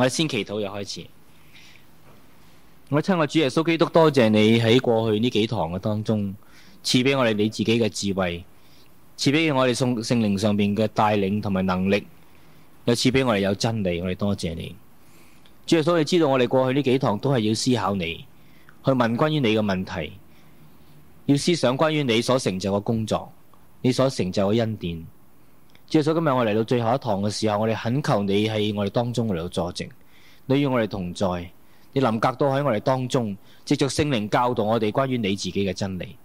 我先祈禱又開始，我親我主耶穌基督，多謝你喺過去呢幾堂嘅當中，賜俾我哋你自己嘅智慧，賜俾我哋聖聖靈上面嘅帶領同埋能力，又賜俾我哋有真理，我哋多謝你。主耶穌，你知道我哋過去呢幾堂都係要思考你，去問關於你嘅問題，要思想關於你所成就嘅工作，你所成就嘅恩典。之所以今日我嚟到最後一堂嘅時候，我哋懇求你喺我哋當中嚟到作證，你與我哋同在，你臨格都喺我哋當中，藉着聖靈教導我哋關於你自己嘅真理。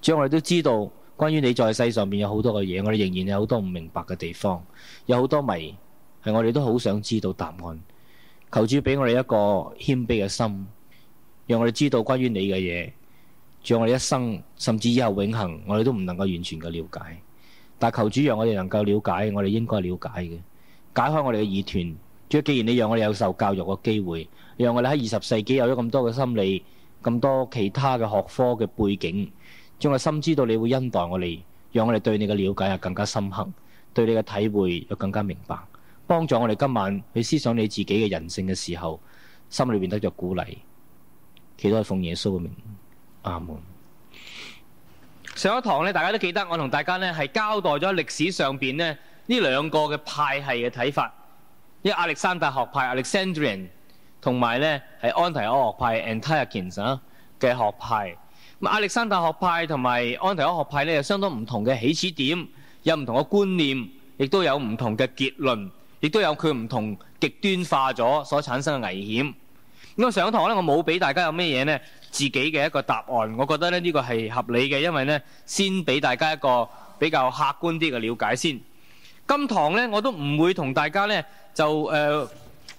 只我哋都知道關於你在世上面有好多嘅嘢，我哋仍然有好多唔明白嘅地方，有好多謎，係我哋都好想知道答案。求主俾我哋一個謙卑嘅心，讓我哋知道關於你嘅嘢。只我哋一生，甚至以後永恆，我哋都唔能夠完全嘅了解。但求主讓我哋能夠了解，我哋應該了解嘅，解開我哋嘅疑團。即既然你讓我哋有受教育嘅機會，讓我哋喺二十世紀有咗咁多嘅心理、咁多其他嘅學科嘅背景，將我心知道你會恩待我哋，讓我哋對你嘅了解啊更加深刻，對你嘅體會又更加明白，幫助我哋今晚去思想你自己嘅人性嘅時候，心裏邊得着鼓勵。祈求奉耶穌嘅名，阿門。上一堂咧，大家都記得我同大家咧係交代咗歷史上面呢呢兩個嘅派系嘅睇法，即係亞歷山大學派 Alexandrian 同埋咧係安提柯學派 Antiochian 嘅學派。咁亞歷山大學派同埋安提柯學派咧，有相當唔同嘅起始點，有唔同嘅觀念，亦都有唔同嘅結論，亦都有佢唔同極端化咗所產生嘅危險。咁我上一堂咧，我冇俾大家有咩嘢呢，自己嘅一個答案，我覺得呢呢個係合理嘅，因為呢先俾大家一個比較客觀啲嘅了解先。今堂呢，我都唔會同大家呢就誒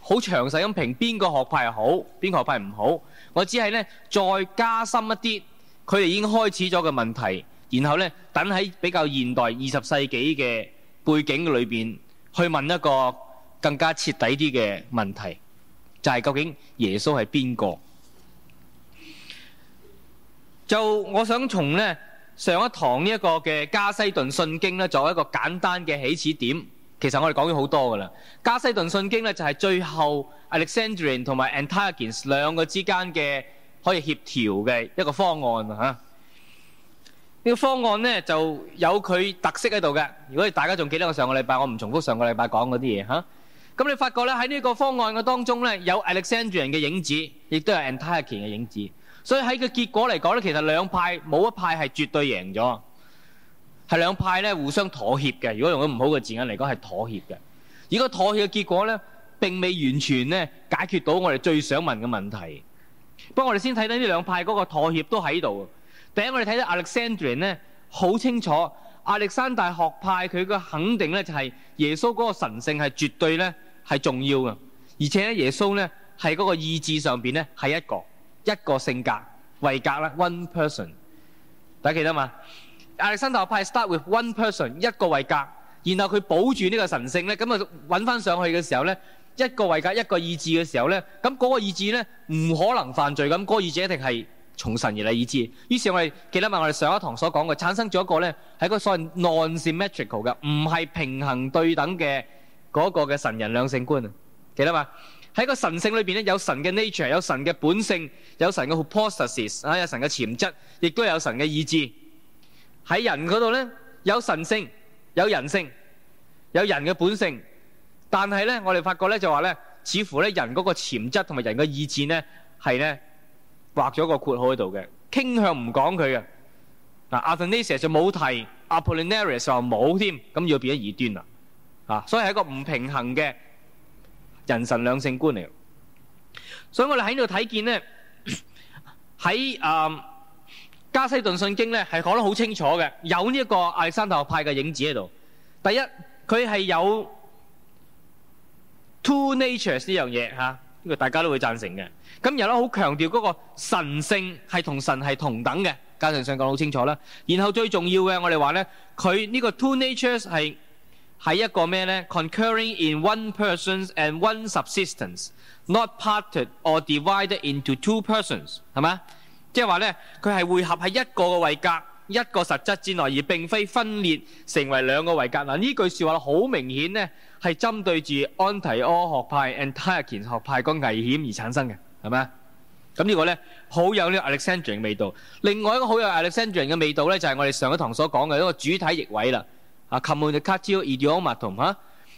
好詳細咁評邊個學派好，邊個學派唔好。我只係呢再加深一啲佢哋已經開始咗嘅問題，然後呢等喺比較現代二十世紀嘅背景裏面去問一個更加徹底啲嘅問題，就係究竟耶穌係邊個？就我想從呢上一堂呢一個嘅加西頓信經呢作為一個簡單嘅起始點。其實我哋講咗好多噶啦。加西頓信經呢，就係最後 Alexandrian 同埋 Antiochus 兩個之間嘅可以協調嘅一個方案。吓，呢個方案呢，就有佢特色喺度嘅。如果大家仲記得我上個禮拜，我唔重複上個禮拜講嗰啲嘢吓。咁你發覺呢喺呢個方案嘅當中呢，有 Alexandrian 嘅影子，亦都有 Antiochus 嘅 an 影子。所以喺個結果嚟講咧，其實兩派冇一派係絕對贏咗，係兩派咧互相妥協嘅。如果用咗唔好嘅字眼嚟講，係妥協嘅。而個妥協嘅結果咧，並未完全咧解決到我哋最想問嘅問題。不過我哋先睇到呢兩派嗰個妥協都喺度。第一，我哋睇到 Alexandrian 咧好清楚，亞歷山大學派佢嘅肯定咧就係耶穌嗰個神性係絕對咧係重要嘅，而且咧耶穌咧喺嗰個意志上邊咧係一個。一個性格位格啦。One person，大家記得嘛？亞歷山大派 start with one person，一個位格，然後佢保住呢個神性咧，咁啊揾翻上去嘅時候咧，一個位格一個意志嘅時候咧，咁、那、嗰個意志咧唔可能犯罪，咁、那、嗰個意志一定係從神而嚟意志。於是我記得嗎，我哋記得嘛？我哋上一堂所講嘅產生咗一個咧，係一個所謂 non-symmetrical 嘅，唔係、mm、平衡對等嘅嗰個嘅神人兩性觀，記得嘛？喺個神性裏面，咧，有神嘅 nature，有神嘅本性，有神嘅 hypothesis 啊，有神嘅潛質，亦都有神嘅意志。喺人嗰度咧，有神性，有人性，有人嘅本性。但係咧，我哋發覺咧就話咧，似乎咧人嗰個潛質同埋人嘅意志咧，係咧畫咗個括號喺度嘅，傾向唔講佢嘅。嗱，Athanasius 就冇提，Apollinaris 就冇添，咁要變咗異端啦。啊，所以係一個唔平衡嘅。人神兩性觀嚟，所以我哋喺呢度睇見呢，喺誒加西頓信經呢係講得好清楚嘅，有呢一個亞歷山大學派嘅影子喺度。第一，佢係有 two natures 呢樣嘢吓，呢、啊，這個大家都會贊成嘅。咁又咧好強調嗰個神性係同神係同等嘅，加西頓講得好清楚啦。然後最重要嘅，我哋話呢，佢呢個 two natures 係。係一個咩呢？Concurring in one persons and one subsistence, not parted or divided into two persons，係咪？即係話呢，佢係會合喺一個嘅位格、一個實質之內，而並非分裂成為兩個位格。嗱、呃，呢句說話好明顯呢，係針對住安提柯學派、Antiochian 學派個危險而產生嘅，係咪？咁呢個呢，好有呢個 Alexandrian 味道。另外一個好有 Alexandrian 嘅味道呢，就係、是、我哋上一堂所講嘅一個主體移位啦。Um, 啊，Communicatio idiomatum 同吓，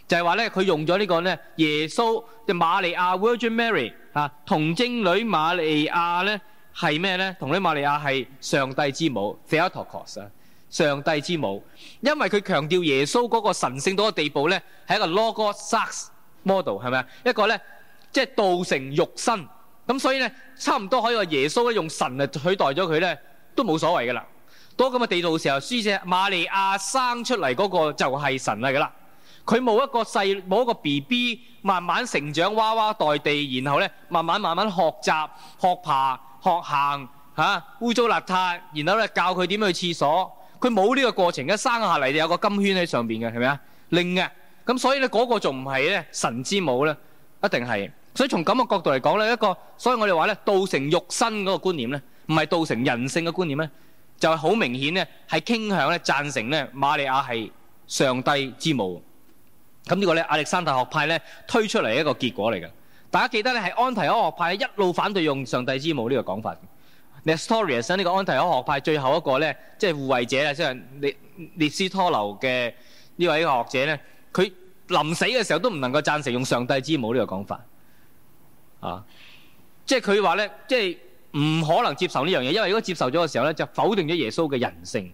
就係話咧，佢用咗呢個咧，耶穌，即、就是、瑪利亞 Virgin Mary 嚇、啊，童貞女瑪利亞咧係咩咧？童貞女瑪利亞係上帝之母 Theotokos 啊，上帝之母。因為佢強調耶穌嗰個神聖到嘅地步咧，係一個 Logos Sarx Model 係咪啊？一個咧即係道成肉身，咁所以咧差唔多可以話耶穌咧用神嚟取代咗佢咧，都冇所謂噶啦。嗰個咁嘅地道時候，輸只瑪利亞生出嚟嗰個就係神嚟噶啦。佢冇一個細，冇一個 B B 慢慢成長，娃娃待地，然後咧慢慢慢慢學習、學爬、學行，污糟邋遢，然後咧教佢點去廁所。佢冇呢個過程，一生下嚟就有個金圈喺上面嘅，係咪啊？另嘅咁，所以咧嗰個仲唔係咧神之母咧？一定係。所以從咁嘅角度嚟講咧，一個，所以我哋話咧，道成肉身嗰個觀念咧，唔係道成人性嘅觀念咧。就係好明顯咧，係傾向咧贊成咧瑪利亞係上帝之母。咁呢個咧亞歷山大學派咧推出嚟一個結果嚟嘅。大家記得咧，係安提阿學派一路反對用上帝之母這個呢個講法。Nestorius、這、呢個安提阿學派最後一個咧，即係護衞者啦，即係列列斯托留嘅呢位學者咧，佢臨死嘅時候都唔能夠贊成用上帝之母呢個講法。啊，即係佢話咧，即係。唔可能接受呢樣嘢，因為如果接受咗嘅時候咧，就否定咗耶穌嘅人性。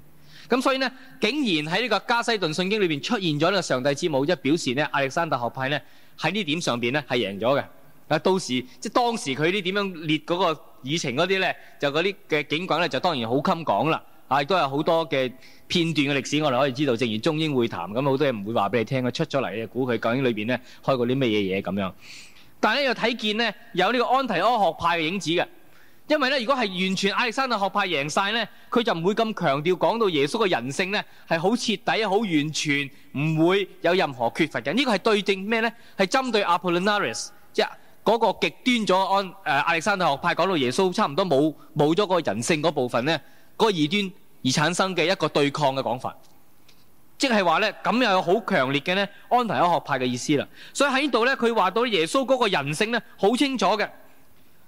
咁所以呢，竟然喺呢個加西頓信經裏面出現咗呢個上帝之母，即表示呢，亞歷山大學派呢喺呢點上面呢係贏咗嘅。啊，到時即係當時佢啲點樣列嗰個議程嗰啲呢，就嗰啲嘅景況呢，就當然好襟講啦。啊，亦都有好多嘅片段嘅歷史，我哋可以知道。正如中英會談咁，好多嘢唔會話俾你聽，佢出咗嚟，你估佢究竟裏面呢開過啲咩嘢嘢咁樣。但係咧又睇見呢，有呢個安提阿學派嘅影子嘅。因為咧，如果係完全亞歷山大學派贏晒，呢佢就唔會咁強調講到耶穌嘅人性呢係好徹底、好完全，唔會有任何缺乏嘅。呢個係對正咩咧？係針對 Apollinaris，即係嗰個極端咗按誒亞歷山大學派講到耶穌差唔多冇冇咗個人性嗰部分呢嗰、那個異端而產生嘅一個對抗嘅講法，即係話呢，咁又有好強烈嘅呢，安提阿學派嘅意思啦。所以喺呢度呢，佢話到耶穌嗰個人性呢，好清楚嘅。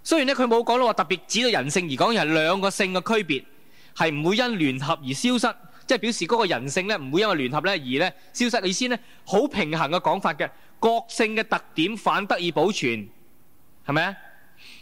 雖然呢佢冇講到話特別指到人性而講，係兩個性嘅區別係唔會因聯合而消失，即係表示嗰個人性呢唔會因為聯合而消失，你先呢，好平衡嘅講法嘅，各性嘅特點反得以保存，係咪？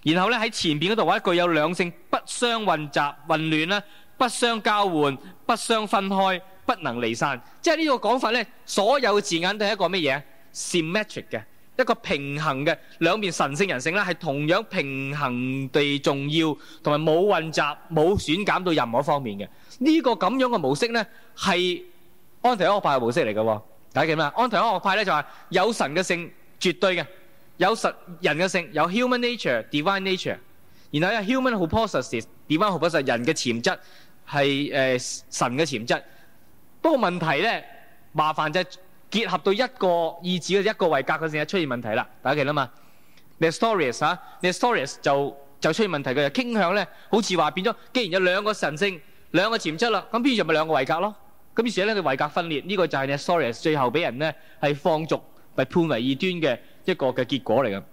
然後呢，喺前面嗰度話具有兩性不相混雜、混亂啦，不相交換、不相分開、不能離散，即係呢個講法呢，所有字眼都係一個乜嘢？symmetric 嘅。Sy mm 一個平衡嘅兩面神性人性啦，係同樣平衡地重要，同埋冇混雜、冇損減到任何方面嘅呢、這個咁樣嘅模式咧，係安提阿學派嘅模式嚟嘅、哦。大家記咩？安提阿學派咧就話、是、有神嘅性絕對嘅，有神人嘅性，有 human nature、divine nature，然後有 human hypostasis divine hypostasis 人嘅潛質係誒神嘅潛質。不過問題咧，麻煩就係。結合到一個意志嘅一個位格嗰陣時出現問題啦，大家記得嘛？Nestorius 啊 Nestorius 就就出現問題，佢就傾向咧，好似話變咗，既然有兩個神性、兩個潛質啦，咁邊處就咪兩個位格咯？咁於是咧，佢位格分裂，呢、這個就係 Nestorius 最後俾人咧係放逐，被判為異端嘅一個嘅結果嚟嘅。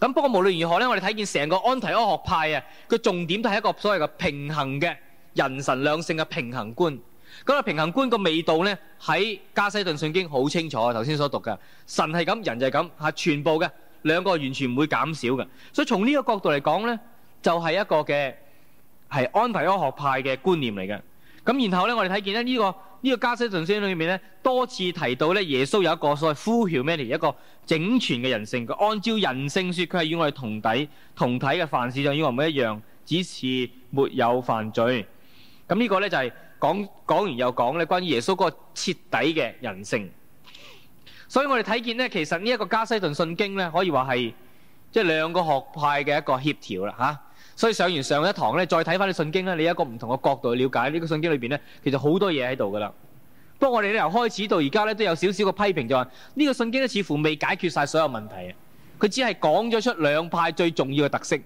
咁不過無論如何咧，我哋睇見成個安提阿學派啊，佢重點都係一個所謂嘅平衡嘅人神兩性嘅平衡觀。咁啊，個平衡觀個味道咧，喺加西頓信經好清楚，頭先所讀嘅神係咁，人就係咁嚇，全部嘅兩個完全唔會減少嘅。所以從呢個角度嚟講咧，就係、是、一個嘅係安提阿學派嘅觀念嚟嘅。咁然後咧，我哋睇見咧、這、呢個呢、這個加西頓信經裏面咧，多次提到咧，耶穌有一個所謂 Full Humanity 一個整全嘅人性，佢按照人性説，佢係與我哋同底同體嘅，凡事就與我唔一樣，只是沒有犯罪。咁呢個咧就係、是，講講完又講咧，關於耶穌嗰個徹底嘅人性，所以我哋睇見咧，其實呢一個加西頓信經咧，可以話係即係兩個學派嘅一個協調啦，吓、啊。所以上完上一堂咧，再睇翻啲信經咧，你一個唔同嘅角度去了解呢、這個信經裏邊咧，其實好多嘢喺度噶啦。不過我哋咧由開始到而家咧，都有少少嘅批評、就是，就話呢個信經咧似乎未解決晒所有問題啊，佢只係講咗出兩派最重要嘅特色。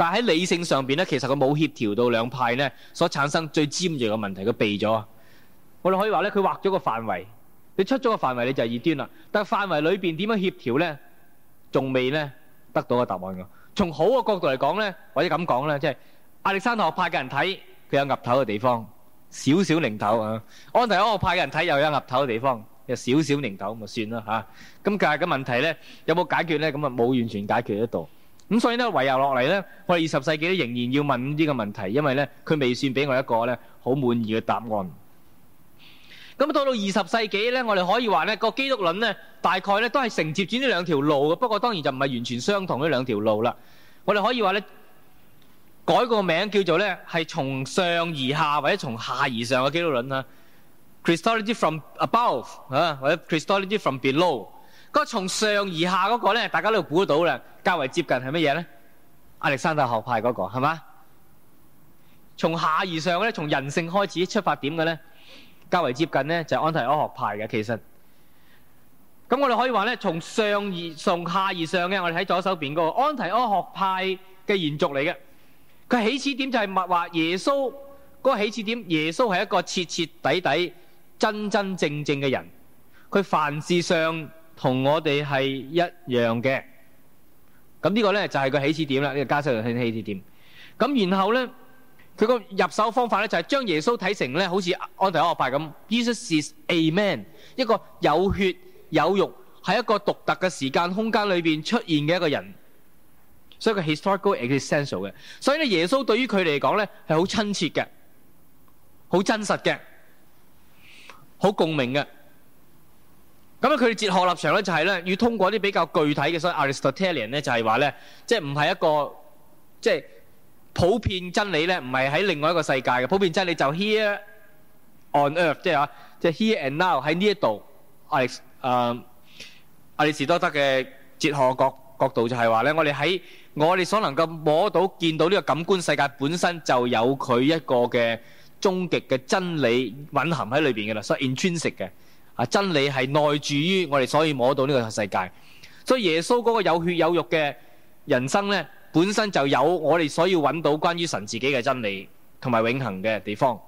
但喺理性上面咧，其實佢冇協調到兩派咧，所產生最尖鋭嘅問題，佢避咗。我哋可以話咧，佢劃咗個範圍，你出咗個範圍你就係異端啦。但係範圍裏面點樣協調咧，仲未咧得到個答案㗎。從好嘅角度嚟講咧，或者咁講咧，即係亞歷山大學派嘅人睇，佢有岌頭嘅地方，少少擰頭啊。安提阿學派嘅人睇又有岌頭嘅地方，有少少擰頭咁就算啦嚇。咁屆嘅問題咧有冇解決咧？咁啊冇完全解決得到。咁所以咧，遺留落嚟咧，我哋二十世紀咧仍然要問呢個問題，因為咧佢未算俾我一個咧好滿意嘅答案。咁到到二十世紀咧，我哋可以話咧個基督論咧大概咧都係承接住呢兩條路嘅，不過當然就唔係完全相同呢兩條路啦。我哋可以話咧改個名叫做咧係從上而下或者從下而上嘅基督論啦，Christology from above 啊，或者 Christology from below。個從上而下嗰個呢，大家都估到啦，較為接近係乜嘢呢？亞歷山大學派嗰個係嘛？從下而上呢，從人性開始出發點嘅呢，較為接近呢，就安提阿學派嘅。其實，咁我哋可以話呢，從上而從下而上嘅，我哋喺左手邊嗰個安提阿學派嘅延續嚟嘅。佢起始點就係密話耶穌，個起始點耶穌係一個徹徹底底、真真正正嘅人，佢凡事上，同我哋係一樣嘅，咁呢個咧就係個起始點啦。呢個迦克墩起始點。咁然後咧，佢個入手方法咧就係將耶穌睇成咧好似安提阿學派咁。Jesus is a man，一個有血有肉，喺一個獨特嘅時間空間裏面出現嘅一個人，所以佢 historical existential 嘅。所以咧，耶穌對於佢嚟講咧係好親切嘅，好真實嘅，好共鳴嘅。咁佢哋哲學立場咧就係咧，要通過啲比較具體嘅，所以 Aristotelian 咧就係話咧，即係唔係一個即係、就是、普遍真理咧，唔係喺另外一個世界嘅普遍真理，就 here on earth，即係啊，即係 here and now 喺呢一度，亞歷亞里斯多德嘅哲學角角度就係話咧，我哋喺我哋所能夠摸到、見到呢個感官世界本身就有佢一個嘅終極嘅真理蘊含喺裏邊嘅啦，所以 intrinsic 嘅。真理係內住於我哋，所以摸到呢個世界。所以耶穌嗰個有血有肉嘅人生呢，本身就有我哋所要揾到關於神自己嘅真理同埋永恒嘅地方。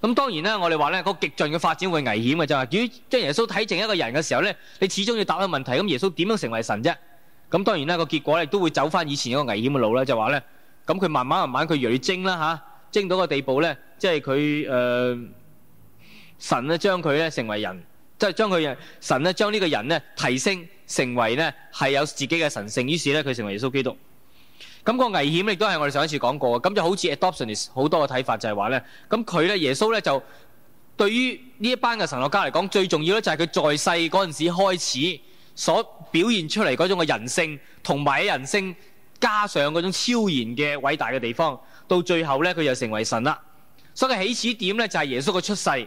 咁當然啦，我哋話呢、嗰個極盡嘅發展會危險嘅就係，如果將耶穌睇正一個人嘅時候呢，你始終要答佢問題。咁耶穌點樣成為神啫？咁當然啦，個結果呢都會走翻以前一個危險嘅路呢，就話呢，咁佢慢慢慢慢佢越嚟越精啦吓，精、啊、到個地步呢，即係佢誒。呃神咧將佢咧成為人，即係將佢神咧將呢個人咧提升成為咧係有自己嘅神性。於是咧佢成為耶穌基督。咁個危險亦都係我哋上一次講過，咁就好似 Adoptionist 好多嘅睇法就係話咧，咁佢咧耶穌咧就對於呢一班嘅神學家嚟講，最重要咧就係佢在世嗰陣時開始所表現出嚟嗰種嘅人性，同埋人性加上嗰種超然嘅偉大嘅地方，到最後咧佢又成為神啦。所以起始點咧就係耶穌嘅出世。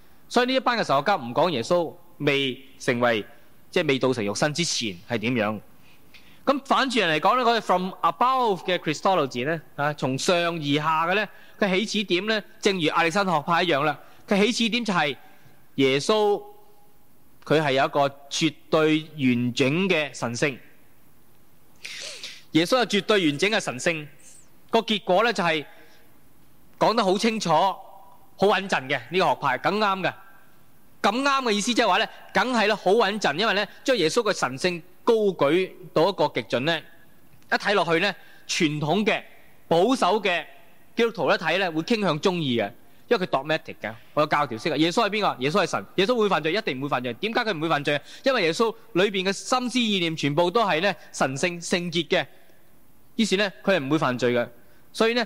所以呢一班嘅神學家唔講耶穌未成為即係未道成肉身之前係點樣？咁反轉嚟講咧，嗰個 from above 嘅 Christology 咧，啊，從上而下嘅咧，佢起始點咧，正如亞歷山學派一樣啦。佢起始點就係耶穌，佢係有一個絕對完整嘅神性。耶穌係有絕對完整嘅神性，個結果咧就係講得好清楚。好穩陣嘅呢個學派，咁啱嘅，咁啱嘅意思即係話咧，梗係咧好穩陣，因為咧將耶穌嘅神性高舉到一個極盡咧，一睇落去咧，傳統嘅保守嘅基督徒一睇咧會傾向中意嘅，因為佢 dogmatic 嘅，我有教條式嘅。耶穌係邊個？耶穌係神，耶穌會犯罪，一定唔會犯罪。點解佢唔會犯罪？因為耶穌裏邊嘅心思意念全部都係咧神性聖潔嘅，於是咧佢係唔會犯罪嘅。所以咧，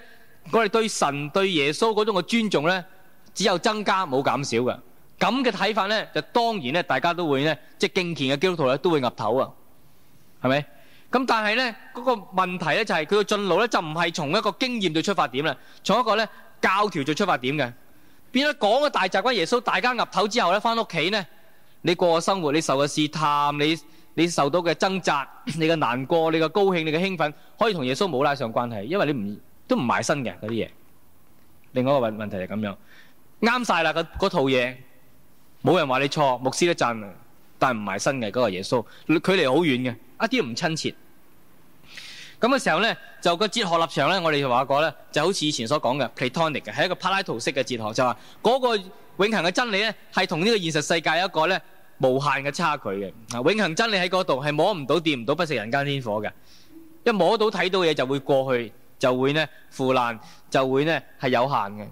我哋對神對耶穌嗰種嘅尊重咧。只有增加冇減少嘅，咁嘅睇法咧，就當然咧，大家都會咧，即係敬虔嘅基督徒咧，都會岌頭啊，係咪？咁但係咧，嗰個問題咧就係佢嘅進路咧就唔係從一個經驗嘅出發點啦，從一個咧教條嘅出發點嘅。變咗講個大習慣，耶穌大家岌頭之後咧，返屋企咧，你過嘅生活，你受嘅試探，你你受到嘅掙扎，你嘅難過，你嘅高興，你嘅興奮，可以同耶穌冇拉上關係，因為你唔都唔埋身嘅嗰啲嘢。另外一個問問題就係咁樣。啱晒啦！嗰套嘢冇人話你錯，牧師都讚，但唔係新嘅嗰個耶穌，距離好遠嘅，一啲唔親切。咁嘅時候呢，就個哲學立場呢，我哋就話過呢，就好似以前所講嘅 Platonic 嘅，係一個柏拉圖式嘅哲學，就話嗰個永恆嘅真理呢，係同呢個現實世界有一個呢無限嘅差距嘅。啊，永恆真理喺嗰度係摸唔到、掂唔到、不食人間煙火嘅，一摸到睇到嘢就會過去，就會呢腐爛，就會呢係有限嘅。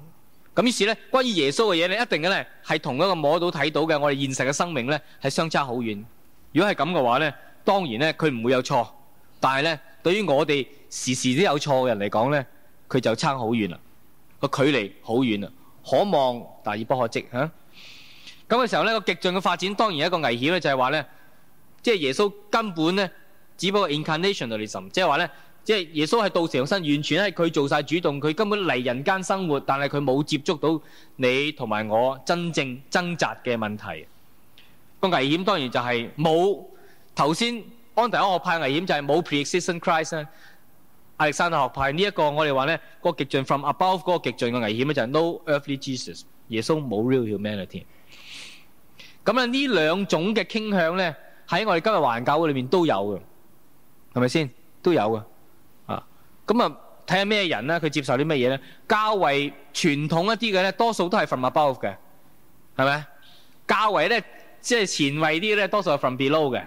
咁於是咧，關於耶穌嘅嘢咧，一定嘅咧係同一個摸到睇到嘅，我哋現實嘅生命咧係相差好遠。如果係咁嘅話咧，當然咧佢唔會有錯，但係咧對於我哋時時都有錯嘅人嚟講咧，佢就差好遠啦，個距離好遠啦，可望但而不可即嚇。咁、啊、嘅時候咧，個極盡嘅發展當然有一個危險咧，就係話咧，即係耶穌根本咧，只不過 incarnation 喺你心，即係話咧。即係耶穌係到成身完全係佢做曬主動，佢根本嚟人間生活，但係佢冇接觸到你同埋我真正掙扎嘅問題。個危險當然就係冇，頭先安提阿學派危險就係冇 preexistent Christ 咧，亞歷山大學派呢一個我哋話咧，個極盡 from above 嗰個極盡嘅危險咧，就係 no earthly Jesus，耶穌冇 real humanity。咁啊呢兩種嘅傾向咧，喺我哋今日華人教會裏面都有嘅，係咪先都有嘅？咁啊，睇下咩人咧，佢接受啲乜嘢咧？較為傳統一啲嘅咧，多數都係 from above 嘅，係咪？較為咧，即係前衞啲咧，多數係 from below 嘅，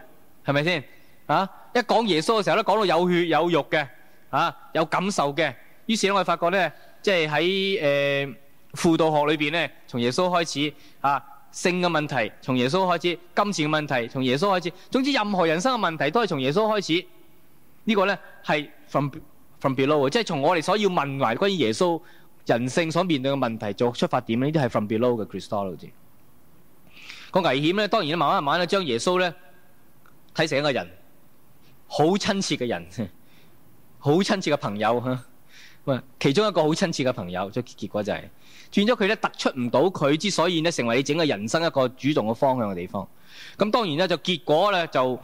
係咪先？啊，一講耶穌嘅時候咧，講到有血有肉嘅，啊，有感受嘅，於是咧我哋發覺咧，即係喺誒輔導學裏邊咧，從耶穌開始，啊，性嘅問題從耶穌開始，金錢嘅問題從耶穌開始，總之任何人生嘅問題都係從耶穌開始，呢個咧係 from from below，即係從我哋所要問埋關於耶穌人性所面對嘅問題做出發點，呢啲係 from below 嘅 Christology。個危險咧，當然慢慢慢慢咧，將耶穌咧睇成一個人好親切嘅人，好親切嘅朋友吓。喂，其中一個好親切嘅朋友，咁結果就係轉咗佢咧突出唔到佢之所以咧成為你整個人生一個主動嘅方向嘅地方。咁當然咧，就結果咧就。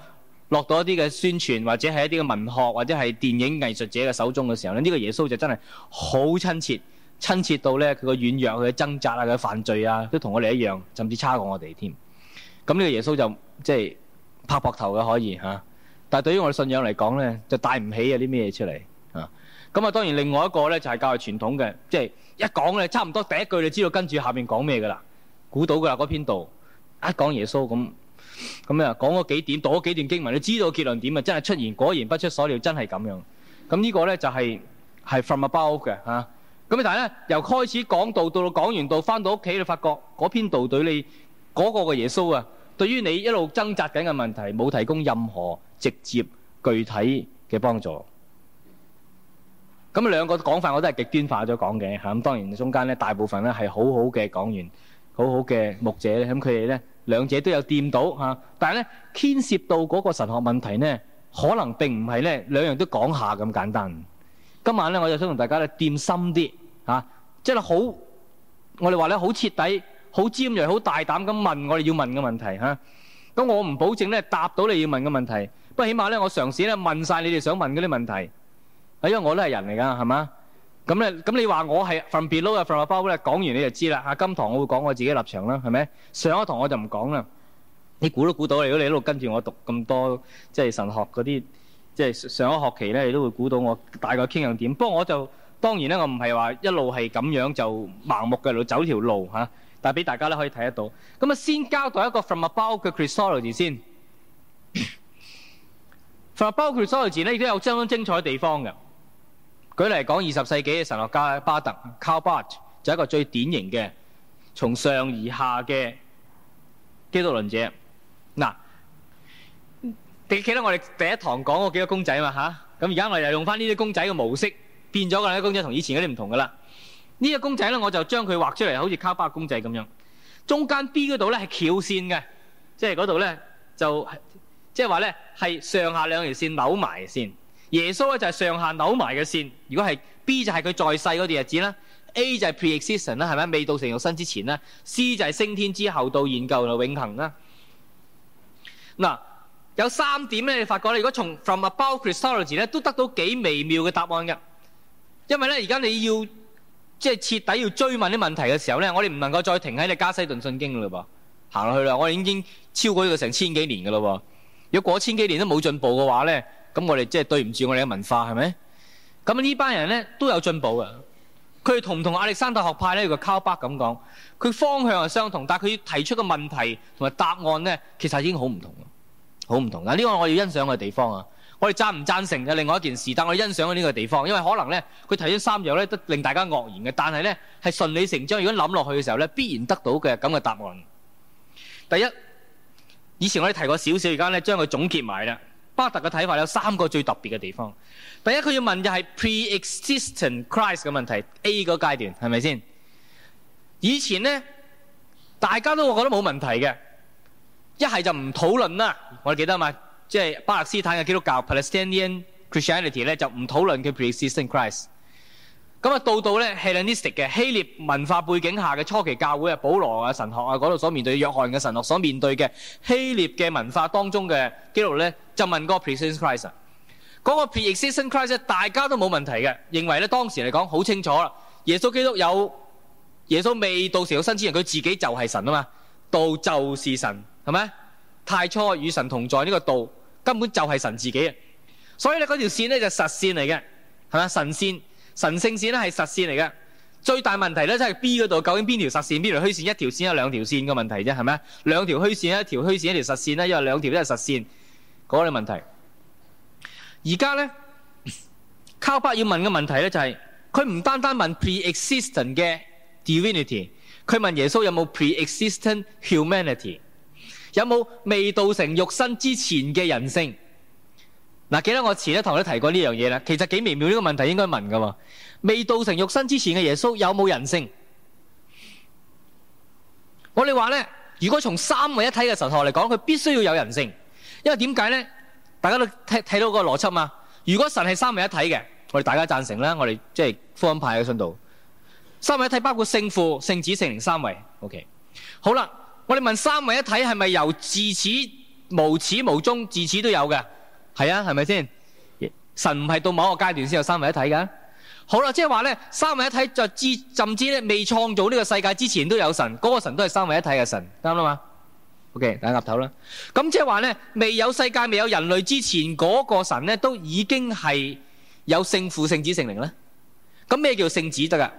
落到一啲嘅宣傳，或者係一啲嘅文學，或者係電影藝術者嘅手中嘅時候咧，呢個耶穌就真係好親切，親切到咧佢嘅軟弱、佢嘅掙扎啊、佢嘅犯罪啊，都同我哋一樣，甚至差過我哋添。咁呢個耶穌就即係拍膊頭嘅可以嚇、啊，但係對於我嘅信仰嚟講咧，就帶唔起啊啲咩嘢出嚟啊。咁啊，當然另外一個咧就係教會傳統嘅，即係一講咧差唔多第一句你知道跟住下邊講咩嘅啦，估到㗎啦，嗰篇道一講耶穌咁。咁啊，講嗰幾點，讀咗幾段經文，你知道結論點啊？真係出現，果然不出所料，真係咁樣。咁、這、呢個、就是啊、呢，就係係 from above 嘅吓。咁但係呢，由開始講道到講完道翻到屋企，你發覺嗰篇道對你嗰、那個嘅耶穌啊，對於你一路掙扎緊嘅問題，冇提供任何直接具體嘅幫助。咁兩個講法我，我都係極端化咗講嘅吓。咁當然中間呢，大部分呢係好好嘅講完。好好嘅牧者咧，咁佢哋咧兩者都有掂到嚇，但係咧牽涉到嗰個神學問題咧，可能並唔係咧兩樣都講下咁簡單。今晚咧，我就想同大家咧掂深啲嚇，即係好我哋話咧好徹底、好尖鋭、好大膽咁問我哋要問嘅問題嚇。咁我唔保證咧答到你要問嘅問題，不過起碼咧我嘗試咧問晒你哋想問嗰啲問題，因為我都係人嚟㗎，係嘛？咁咧，咁你話我係 from below 啊，from above 咧，講完你就知啦。嚇，今堂我會講我自己立場啦，係咪？上一堂我就唔講啦。你估都估到啦，如果你一路跟住我讀咁多即係神學嗰啲，即係上一學期咧，你都會估到我大概傾向點。不過我就當然咧，我唔係話一路係咁樣就盲目嘅路走條路嚇。但係俾大家咧可以睇得到。咁啊，先交代一個 from above 嘅 Christology 先。from above 嘅 Christology 咧，亦都有相當精彩嘅地方嘅。舉例嚟講，二十世紀嘅神學家巴特 Karl Barth 就係、一個最典型嘅從上而下嘅基督論者。嗱，你記得我哋第一堂講過幾個公仔嘛？吓咁而家我哋又用翻呢啲公仔嘅模式，變咗個兩啲公仔同以前嗰啲唔同㗎啦。這個、呢個公仔咧，我就將佢畫出嚟，好似 Karl Barth 公仔咁樣。中間 B 嗰度咧係翹線嘅，即係嗰度咧就即係話咧係上下兩條線扭埋線。耶穌咧就係上下扭埋嘅線。如果係 B 就係佢在世嗰段日子啦，A 就係 pre-existence 啦，係咪未到成肉身之前啦？C 就係升天之後到研究啦，永恆啦。嗱，有三點咧，你發覺呢？如果從 from above Christology 咧，都得到幾微妙嘅答案嘅。因為咧，而家你要即係、就是、徹底要追問啲問題嘅時候咧，我哋唔能夠再停喺你加西頓信經嘅嘞噃，行落去啦。我哋已經超過呢個成千幾年嘅嘞喎。如果過千幾年都冇進步嘅話咧～咁我哋即係對唔住我哋嘅文化係咪？咁呢班人呢都有進步㗎。佢同唔同亞歷山大學派呢，佢卡巴咁講，佢方向係相同，但係佢提出嘅問題同埋答案呢其實已經好唔同，好唔同。呢個我要欣賞嘅地方啊，我哋贊唔贊成嘅另外一件事，但我欣賞呢個地方，因為可能呢，佢提出三樣呢都令大家愕然嘅，但係呢係順理成章。如果諗落去嘅時候呢，必然得到嘅咁嘅答案。第一，以前我哋提過少少，而家呢，將佢總結埋啦。巴特嘅睇法有三個最特別嘅地方。第一，佢要問嘅係 pre-existent Christ 嘅問題，A 嗰階段係咪先？以前呢，大家都覺得冇問題嘅，一係就唔討論啦。我哋記得啊嘛，即係巴勒斯坦嘅基督教 （Palestinian Christianity） 咧，就唔討論佢 pre-existent Christ。咁啊，到到咧 Hellenistic 嘅希臘文化背景下嘅初期教會啊，保羅啊神學啊嗰度所面對，約翰嘅神學所面對嘅希臘嘅文化當中嘅記錄咧，就問個 preexistence Christ。嗰、那個 preexistence Christ 大家都冇問題嘅，認為咧當時嚟講好清楚啦。耶穌基督有耶穌未到時有新之人，佢自己就係神啊嘛，道就是神，係咪？太初與神同在呢個道根本就係神自己啊。所以咧嗰條線咧就實線嚟嘅，係咪神仙？神聖線咧係實線嚟嘅，最大問題呢，就係 B 嗰度，究竟邊條實線邊條虛線？一條線有兩條線嘅問題啫，係咪啊？兩條虛線，一條虛線，一條實線咧，因為兩條都係實線，嗰個問題。而家呢，考巴要問嘅問題呢、就係，佢唔單單問 pre-existent 嘅 divinity，佢問耶穌有冇 pre-existent humanity，有冇未道成肉身之前嘅人性？嗱，記得我前一堂都提過呢樣嘢啦。其實幾微妙，呢個問題應該問噶，未道成肉身之前嘅耶穌有冇人性？我哋話咧，如果從三位一體嘅神學嚟講，佢必須要有人性，因為點解咧？大家都睇睇到個邏輯嘛。如果神係三位一體嘅，我哋大家贊成啦。我哋即係福音派嘅信徒，三位一體包括聖父、聖子、聖靈三位。OK，好啦，我哋問三位一體係咪由自始無始無終自始都有嘅？係啊，係咪先？神唔係到某一個階段先有三位一體噶，啊。好啦，即係話咧，三位一體就知，甚至咧未創造呢個世界之前都有神，嗰，那個神都係三位一體嘅神，啱啦嘛。OK，大家岌頭啦。咁即係話咧，未有世界，未有人類之前，嗰，那個神咧都已經係有聖父、聖子、聖靈啦。咁咩叫聖子得噶？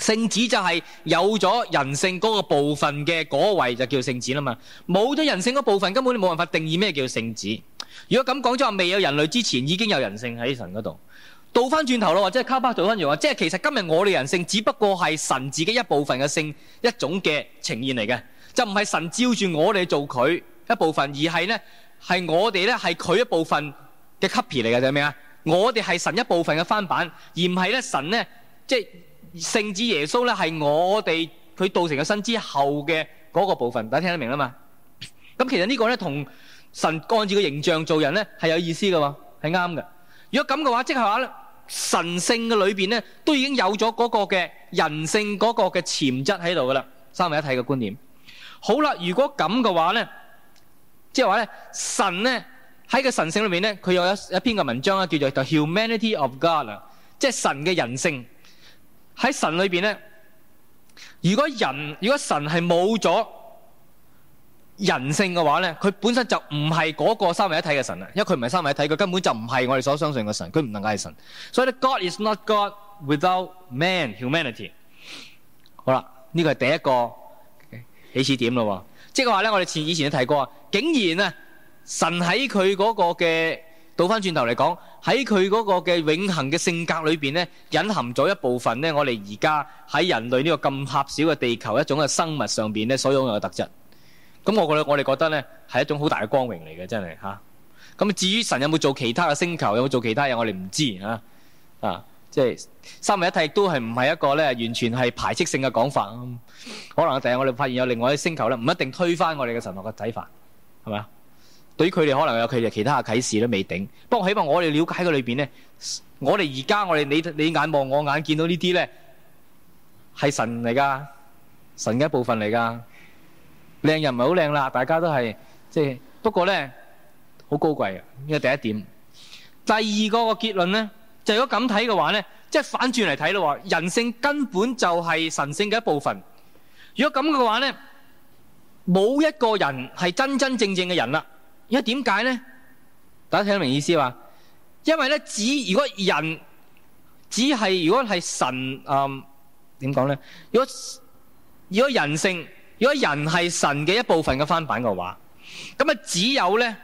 聖子就係有咗人性嗰個部分嘅嗰位就叫聖子啦嘛，冇咗人性嗰部分根本你冇辦法定義咩叫聖子。如果咁講咗話，未有人類之前已經有人性喺神嗰度。倒翻轉頭咯，或者卡巴倒翻轉話，即係其實今日我哋人性，只不過係神自己一部分嘅性一種嘅呈現嚟嘅，就唔係神照住我哋做佢一部分，而係咧係我哋咧係佢一部分嘅 copy 嚟嘅就係咩啊？我哋係神一部分嘅翻版，而唔係咧神咧即係聖子耶穌咧係我哋佢道成嘅身之後嘅嗰個部分，大家聽得明啦嘛？咁其實呢個咧同神按照個形象做人咧係有意思噶，係啱嘅。如果咁嘅話，即係話咧神性嘅裏邊咧都已經有咗嗰個嘅人性嗰個嘅潛質喺度噶啦，三位一體嘅觀念。好啦，如果咁嘅話咧，即係話咧神咧喺個神性裏面咧，佢有一一篇嘅文章叫做《The Humanity of God》啦，即係神嘅人性。喺神裏邊咧，如果人如果神係冇咗人性嘅話咧，佢本身就唔係嗰個三位一體嘅神啦，因為佢唔係三位一體，佢根本就唔係我哋所相信嘅神，佢唔能夠係神。所以咧，God is not God without man humanity 好。好啦，呢個係第一個起始點咯。即係話咧，我哋前以前都提過，竟然呢，神喺佢嗰個嘅。倒翻轉頭嚟講，喺佢嗰個嘅永恒嘅性格裏邊咧，隱含咗一部分咧，我哋而家喺人類呢個咁狹小嘅地球一種嘅生物上邊咧，所擁有嘅特質。咁我覺得我哋覺得咧，係一種好大嘅光榮嚟嘅，真係吓。咁至於神有冇做其他嘅星球，有冇做其他嘢，我哋唔知吓，啊。啊，即係三位一體都係唔係一個咧完全係排斥性嘅講法，啊。可能第日我哋發現有另外啲星球咧，唔一定推翻我哋嘅神學嘅睇法，係咪啊？對佢哋可能有佢哋其他嘅啟示都未定，不過希望我哋了解喺佢裏邊，我哋而家我哋你你眼望我眼見到呢啲呢，係神嚟㗎，神嘅一部分嚟㗎。靚人唔係好靚啦，大家都係即係不過呢，好高貴啊，呢個第一點。第二個個結論呢，就是、如果咁睇嘅話呢，即、就、係、是、反轉嚟睇嘅話，人性根本就係神性嘅一部分。如果咁嘅話呢，冇一個人係真真正正嘅人啦。因為點解呢？大家聽得明意思嘛？因為呢，只如果人只係如果係神，嗯、呃，點講呢？如果如果人性，如果人係神嘅一部分嘅翻版嘅話，咁啊，只有呢，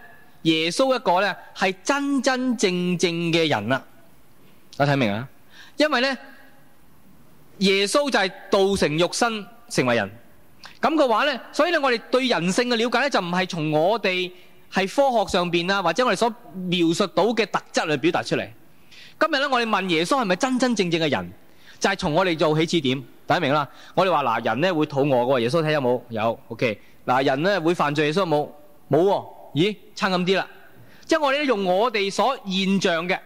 耶穌一個呢，係真真正正嘅人啦。大家睇明啊？因為呢，耶穌就係道成肉身，成為人咁嘅話呢，所以呢，我哋對人性嘅了解呢，就唔係從我哋。係科學上邊啊，或者我哋所描述到嘅特質去表達出嚟。今日咧，我哋問耶穌係咪真真正正嘅人，就係從我哋做起始點，大家明啦。我哋話嗱，人咧會肚餓喎，耶穌睇有冇？有，OK。嗱，人咧會犯罪，耶穌有冇？冇喎，哦。咦，差咁啲啦。即係我哋咧用我哋所現象嘅，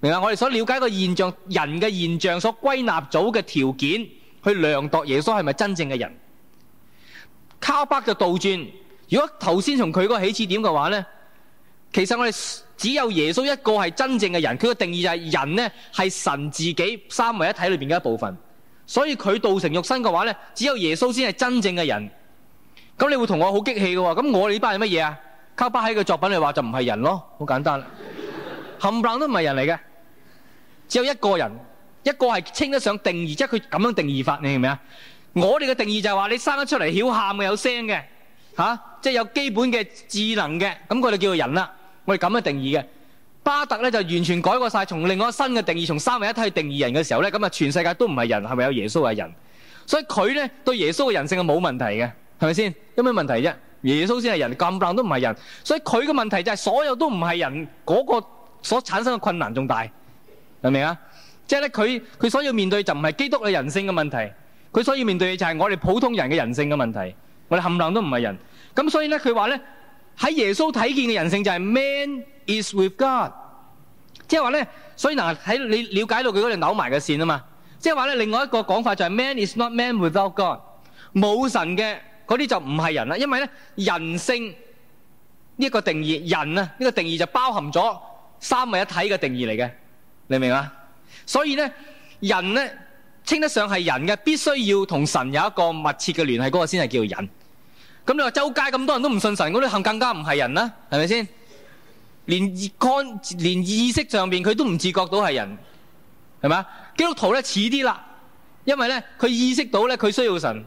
明白我哋所了解個現象，人嘅現象所歸納組嘅條件，去量度耶穌係咪真正嘅人？卡巴就倒轉。如果頭先從佢個起始點嘅話咧，其實我哋只有耶穌一個係真正嘅人。佢個定義就係人咧係神自己三位一體裏邊嘅一部分。所以佢道成肉身嘅話咧，只有耶穌先係真正嘅人。咁你會同我好激氣嘅，咁我哋呢班係乜嘢啊？靠巴喺個作品裏話就唔係人咯，好簡單啦，冚唪唥都唔係人嚟嘅，只有一個人，一個係稱得上定義，即係佢咁樣定義法，你明唔明啊？我哋嘅定義就係話你生得出嚟曉喊會有聲嘅。吓、啊，即係有基本嘅智能嘅，咁佢哋叫做人啦。我哋咁嘅定義嘅，巴特咧就完全改過晒，從另外一個新嘅定義，從三位一體去定義人嘅時候咧，咁啊全世界都唔係人，係咪有耶穌係人？所以佢咧對耶穌嘅人性係冇問題嘅，係咪先？有咩問題啫？耶穌先係人，冚唪唥都唔係人。所以佢嘅問題就係、是、所有都唔係人嗰個所產生嘅困難仲大，明唔明啊？即係咧佢佢所要面對就唔係基督嘅人性嘅問題，佢所要面對嘅就係我哋普通人嘅人性嘅問題。我哋冚唪唥都唔係人，咁所以咧佢話咧喺耶穌睇見嘅人性就係 Man is with God，即係話咧，所以嗱喺你了解到佢嗰度扭埋嘅線啊嘛，即係話咧另外一個講法就係 Man is not man without God，冇神嘅嗰啲就唔係人啦，因為咧人性呢一個定義人啊呢個定義就包含咗三位一體嘅定義嚟嘅，你明唔明啊？所以咧人咧。稱得上係人嘅，必須要同神有一個密切嘅聯繫，嗰、嗰個先係叫人。咁你話周街咁多人都唔信神，嗰啲行更加唔係人啦，係咪先？連意連意識上面，佢都唔自覺到係人，係咪？基督徒咧似啲啦，因為咧佢意識到咧佢需要神，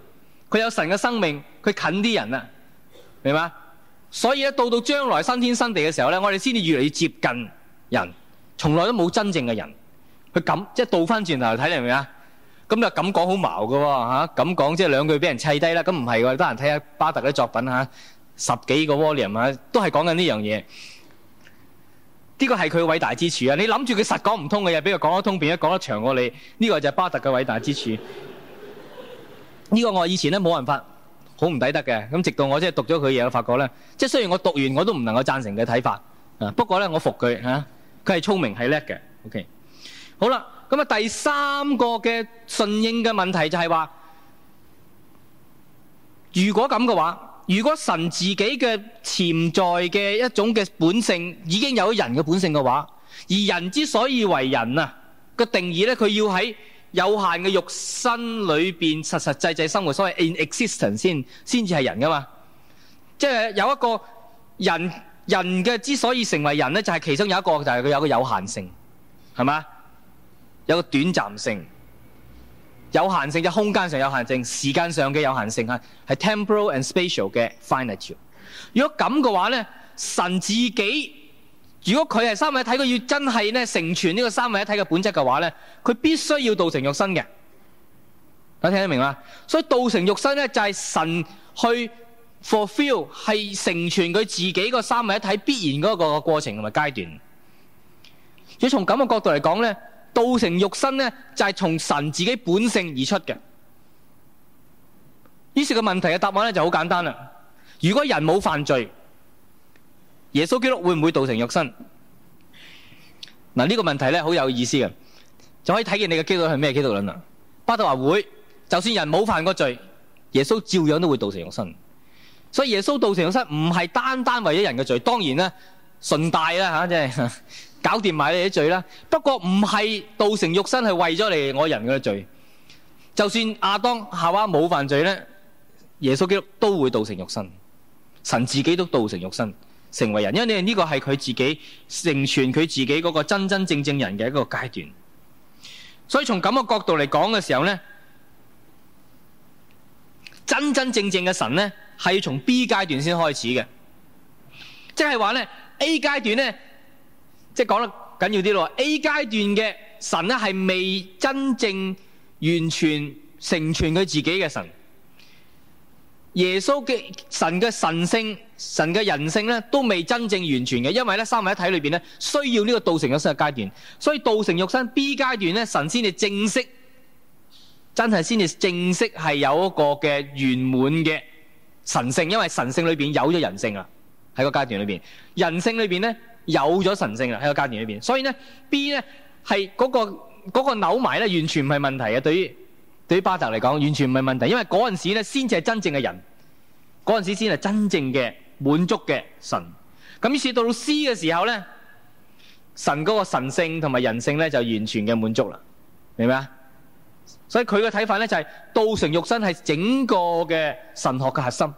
佢有神嘅生命，佢近啲人啦，明嘛？所以咧到到將來新天新地嘅時候咧，我哋先至越嚟越接近人，從來都冇真正嘅人。佢咁即係倒翻轉頭嚟睇，明唔明啊？咁就咁講好矛嘅喎，咁講即係兩句俾人砌低啦。咁唔係喎，得閒睇下巴特啲作品嚇、啊，十幾個 volume 啊，都係講緊呢樣嘢。呢個係佢嘅偉大之處啊！你諗住佢實講唔通嘅嘢，俾佢講得通，變咗講得長過你。呢個就係巴特嘅偉大之處。呢、呢個呢個我以前咧冇辦法，好唔抵得嘅。咁直到我即係讀咗佢嘢，我發覺咧，即係雖然我讀完我都唔能夠贊成佢睇法啊，不過咧我服佢，佢係聰明係叻嘅。OK，好啦。咁啊，第三個嘅順應嘅問題就係話，如果咁嘅話，如果神自己嘅潛在嘅一種嘅本性已經有咗人嘅本性嘅話，而人之所以為人啊，個定義咧，佢要喺有限嘅肉身裏邊，實實際際生活，所謂 in existence 先先至係人噶嘛，即係有一個人人嘅之所以成為人咧，就係其中有一個就係佢有個有限性，係嘛？有個短暫性、有限性，即空間上有限性、時間上嘅有限性啊，係 temporal and spatial 嘅 finitude。如果咁嘅話呢，神自己如果佢係三位一體，佢要真係咧成全呢個三位一體嘅本質嘅話呢，佢必須要道成肉身嘅。大家聽得明嘛？所以道成肉身呢，就係神去 fulfill，係成全佢自己個三位一體必然嗰個過程同埋階段。要從咁嘅角度嚟講呢。道成肉身咧，就係、是、從神自己本性而出嘅。於是個問題嘅答案咧就好簡單啦。如果人冇犯罪，耶穌基督會唔會道成肉身？嗱，呢、這個問題咧好有意思嘅，就可以睇見你嘅基督係咩基督論啊。巴特話會，就算人冇犯過罪，耶穌照樣都會道成肉身。所以耶穌道成肉身唔係單單為咗人嘅罪，當然呢，順帶啦吓，即、啊、係。搞掂埋你啲罪啦，不過唔係道成肉身係為咗你我人嘅罪。就算亞當夏娃冇犯罪呢，耶穌基督都會道成肉身，神自己都道成肉身成為人，因為你呢個係佢自己成全佢自己嗰個真真正正人嘅一個階段。所以從咁嘅角度嚟講嘅時候呢，真真正正嘅神呢係要從 B 階段先開始嘅，即係話呢 A 階段呢。即係講得緊要啲咯，A 階段嘅神咧係未真正完全成全佢自己嘅神，耶穌嘅神嘅神性、神嘅人性咧都未真正完全嘅，因為咧三位一體裏邊咧需要呢個道成肉身嘅階段，所以道成肉身 B 階段咧神先至正式，真係先至正式係有一個嘅圓滿嘅神性，因為神性裏邊有咗人性啦，喺個階段裏邊，人性裏邊咧。有咗神性啦，喺個家庭裏邊，所以咧 B 咧係嗰個嗰個扭埋咧完全唔係問題嘅，對於對於巴特嚟講完全唔係問題，因為嗰陣時咧先至係真正嘅人，嗰陣時先係真正嘅滿足嘅神。咁於是到到 C 嘅時候咧，神嗰個神性同埋人性咧就完全嘅滿足啦，明唔明啊？所以佢嘅睇法咧就係道成肉身係整個嘅神學嘅核心，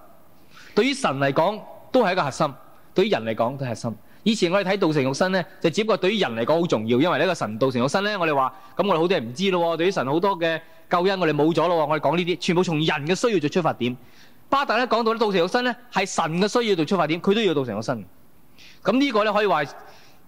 對於神嚟講都係一個核心，對於人嚟講都係核心。以前我哋睇道成肉身咧，就只不過對於人嚟講好重要，因為呢個神道成肉身咧，我哋話咁我哋好多人唔知咯喎。對於神好多嘅救恩我，我哋冇咗咯喎。我哋講呢啲全部從人嘅需要做出發點。巴特咧講到咧道成肉身咧係神嘅需要做出發點，佢都要道成肉身。咁呢個咧可以話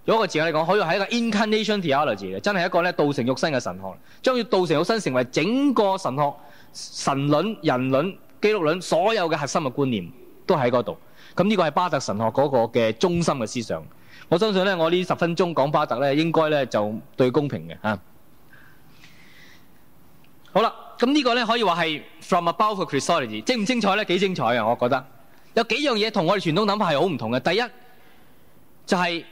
有一個字嚟講，可以係一個 incarnation theology，真係一個咧道成肉身嘅神學，將要道成肉身成為整個神學、神論、人論、基督論所有嘅核心嘅觀念都喺嗰度。咁呢個係巴特神學嗰個嘅中心嘅思想，我相信咧，我呢十分鐘講巴特咧，應該咧就對公平嘅嚇。好啦，咁呢個咧可以話係 from above christology 精唔精彩咧？幾精彩啊！我覺得有幾樣嘢同我哋傳統諗法係好唔同嘅。第一就係、是、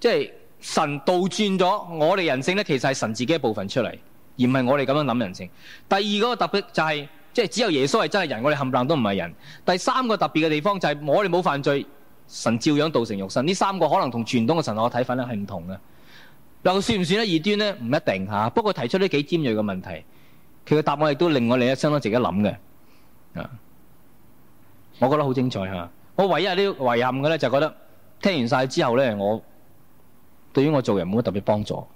即係神倒轉咗我哋人性咧，其實係神自己一部分出嚟，而唔係我哋咁樣諗人性。第二嗰個特別就係、是。即係只有耶穌係真係人，我哋冚唪唥都唔係人。第三個特別嘅地方就係我哋冇犯罪，神照樣道成肉身。呢三個可能同傳統嘅神學嘅睇法咧係唔同嘅。又算唔算咧？異端咧唔一定嚇，不過提出呢幾尖鋭嘅問題，佢嘅答案亦都令我哋一生都值得諗嘅。啊，我覺得好精彩嚇。我唯一啲遺憾嘅咧就係覺得聽完晒之後咧，我對於我做人冇乜特別幫助。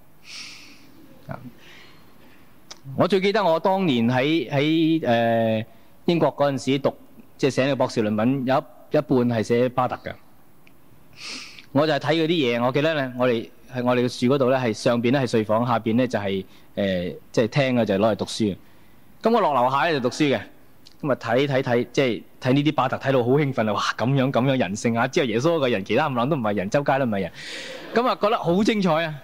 我最記得我當年喺喺誒英國嗰陣時讀，即係寫個博士論文，有一一半係寫巴特嘅。我就係睇嗰啲嘢，我記得咧，我哋喺我哋嘅住嗰度咧，係上邊咧係睡房，下邊咧就係誒即係廳啊，就攞嚟讀書嘅。咁我落樓下咧就讀書嘅，咁啊睇睇睇，即係睇呢啲巴特睇到好興奮啊！哇，咁樣咁樣人性啊！只有耶穌嘅人，其他冚唪唥都唔係人，周街都唔係人，咁啊覺得好精彩啊！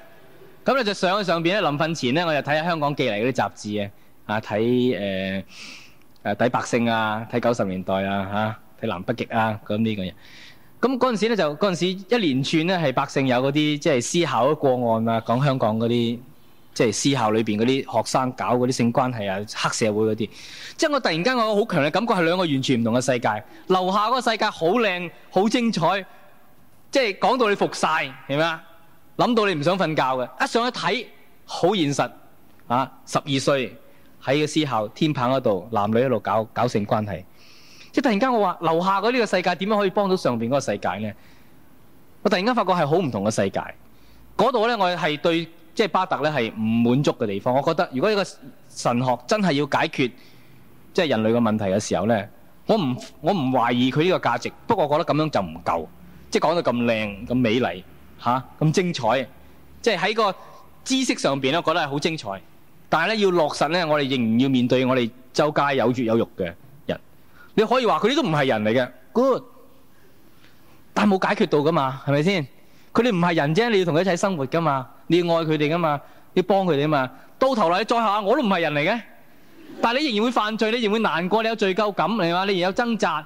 咁咧就上去上面呢，咧，臨瞓前咧，我就睇下香港寄嚟嗰啲雜誌啊，啊睇誒睇百姓啊，睇九十年代啊，嚇、啊、睇南北極啊，咁呢個嘢。咁嗰陣時咧就嗰陣時一連串咧係百姓有嗰啲即係思考個案啊，講香港嗰啲即係思考裏面嗰啲學生搞嗰啲性關係啊，黑社會嗰啲。即係我突然間我好強烈感覺係兩個完全唔同嘅世界。樓下嗰個世界好靚好精彩，即係講到你服晒。係咪啊？諗到你唔想瞓覺嘅，一上去睇好現實啊！十二歲喺個私校天棚嗰度，男女一路搞搞性關係。即係突然間，我話「樓下嗰呢個世界點樣可以幫到上邊嗰個世界呢？」我突然間發覺係好唔同嘅世界。嗰度呢，我係對即係、就是、巴特咧係唔滿足嘅地方。我覺得如果一個神學真係要解決即係、就是、人類嘅問題嘅時候呢，我唔我唔懷疑佢呢個價值。不過我覺得咁樣就唔夠，即係講到咁靚咁美麗。吓、咁精彩，即係喺個知識上面咧，我覺得係好精彩。但係咧，要落實咧，我哋仍然要面對我哋周街有血有肉嘅人。你可以話佢哋都唔係人嚟嘅，good，但係冇解決到噶嘛，係咪先？佢哋唔係人啫，你要同佢一齊生活噶嘛，你要愛佢哋噶嘛，要幫佢哋嘛。到頭嚟再下，我都唔係人嚟嘅，但係你仍然會犯罪，你仍然會難過，你有罪疚感係嘛？你仍然有掙扎、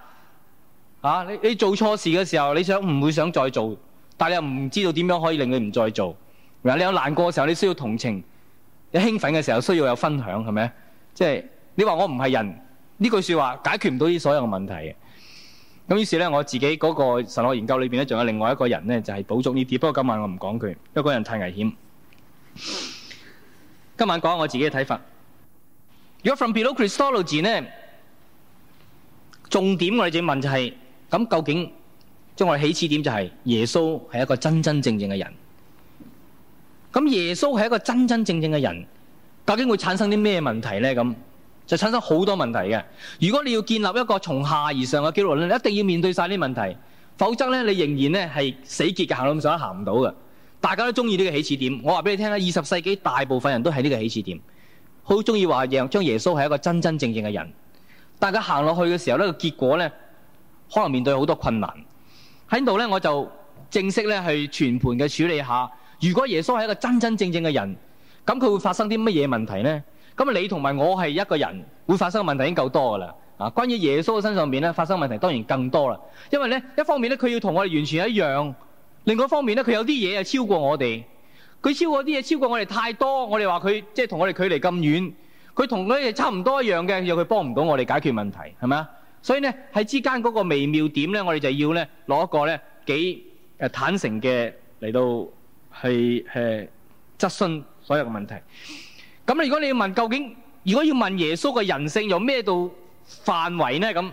啊、你你做錯事嘅時候，你想唔會想再做？但係你又唔知道點樣可以令佢唔再做。嗱，你有難過嘅時候，你需要同情，你興奮嘅時候需要有分享，係咪？即係你話我唔係人呢句說話解決唔到呢所有問題嘅。咁於是咧，我自己嗰個神學研究裏面咧，仲有另外一個人咧，就係補足呢啲。不過今晚我唔講佢，因為嗰人太危險。今晚講下我自己嘅睇法。如果 From below Christology 重點我哋自問就係、是、咁究竟？將我嘅起始點就係耶穌係一個真真正正嘅人。咁耶穌係一個真真正正嘅人，究竟會產生啲咩問題呢？咁就產生好多問題嘅。如果你要建立一個從下而上嘅基督論，一定要面對晒啲問題，否則呢，你仍然呢係死結嘅行到咁上下，行唔到嘅。大家都中意呢個起始點我，我話俾你聽啦，二十世紀大部分人都係呢個起始點，好中意話讓將耶穌係一個真真正正嘅人。大家行落去嘅時候呢，呢個結果呢，可能面對好多困難。喺度咧，我就正式咧去全盤嘅處理一下。如果耶穌係一個真真正正嘅人，咁佢會發生啲乜嘢問題咧？咁你同埋我係一個人，會發生嘅問題已經夠多噶啦。啊，關於耶穌嘅身上邊咧發生問題，當然更多啦。因為咧一方面咧佢要同我哋完全一樣，另外一方面咧佢有啲嘢係超過我哋，佢超過啲嘢超過我哋太多。我哋話佢即係同我哋距離咁遠，佢同我哋差唔多一樣嘅，又佢幫唔到我哋解決問題，係咪啊？所以呢，喺之間嗰個微妙點呢，我哋就要呢攞一個呢幾坦誠嘅嚟到去誒質詢所有嘅問題。咁如果你要問究竟，如果要問耶穌嘅人性有咩到範圍呢？咁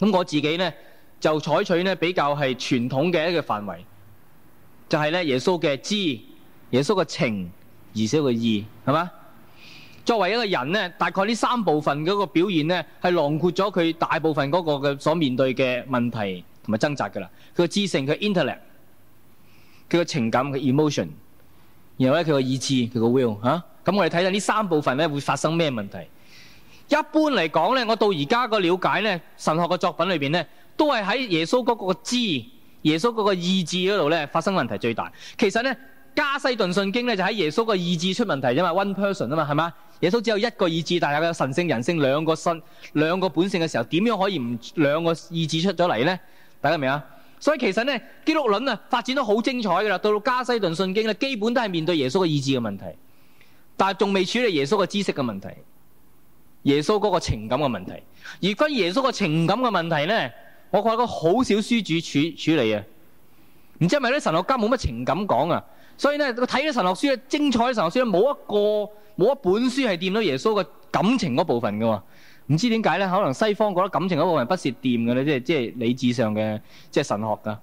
咁我自己呢，就採取呢比較係傳統嘅一個範圍，就係咧耶穌嘅知、耶穌嘅情，而且個意，係嘛？作為一個人呢，大概呢三部分嗰個表現呢，係囊括咗佢大部分嗰個嘅所面對嘅問題同埋掙扎噶啦。佢個知性，佢 intellect；佢個情感，佢 emotion；然後咧佢個意志，佢個 will。吓、啊、咁我哋睇下呢三部分咧會發生咩問題？一般嚟講呢，我到而家個了解呢，神學嘅作品裏面呢，都係喺耶穌嗰個知、耶穌嗰個意志嗰度咧發生問題最大。其實呢，加西頓信經咧就喺耶穌個意志出問題嘛，因為 one person 啊嘛，係嘛？耶穌只有一個意志，但係佢有神性、人性兩個身、兩個本性嘅時候，點樣可以唔兩個意志出咗嚟呢？大家明啊？所以其實呢，基督論啊發展都好精彩噶啦。到到加西頓信經咧，基本都係面對耶穌嘅意志嘅問題，但係仲未處理耶穌嘅知識嘅問題，耶穌嗰個情感嘅問題。而關於耶穌個情感嘅問題呢，我覺得好少書主處處理啊。唔知係咪咧神學家冇乜情感講啊。所以咧，我睇咗神學書咧，精彩嘅神學書咧，冇一個冇一本書係掂到耶穌嘅感情嗰部分㗎喎。唔知點解咧？可能西方覺得感情嗰部分不是掂嘅咧，即係即係理智上嘅，即係神學噶。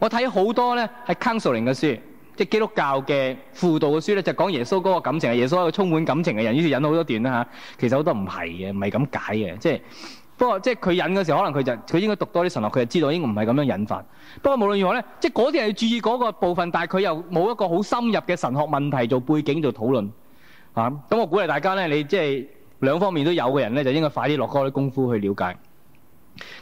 我睇好多咧係 counselling 嘅書，即係基督教嘅輔導嘅書咧，就講、是、耶穌嗰個感情係耶穌一個充滿感情嘅人。於是引到好多段啦嚇，其實好多唔係嘅，唔係咁解嘅，即係。不過，即係佢引嘅時候，可能佢就佢應該讀多啲神學，佢就知道應該唔係咁樣引發。不過，無論如何咧，即係嗰啲人要注意嗰個部分，但係佢又冇一個好深入嘅神學問題做背景做討論嚇。咁、啊、我鼓勵大家咧，你即係兩方面都有嘅人咧，就應該快啲落多啲功夫去了解。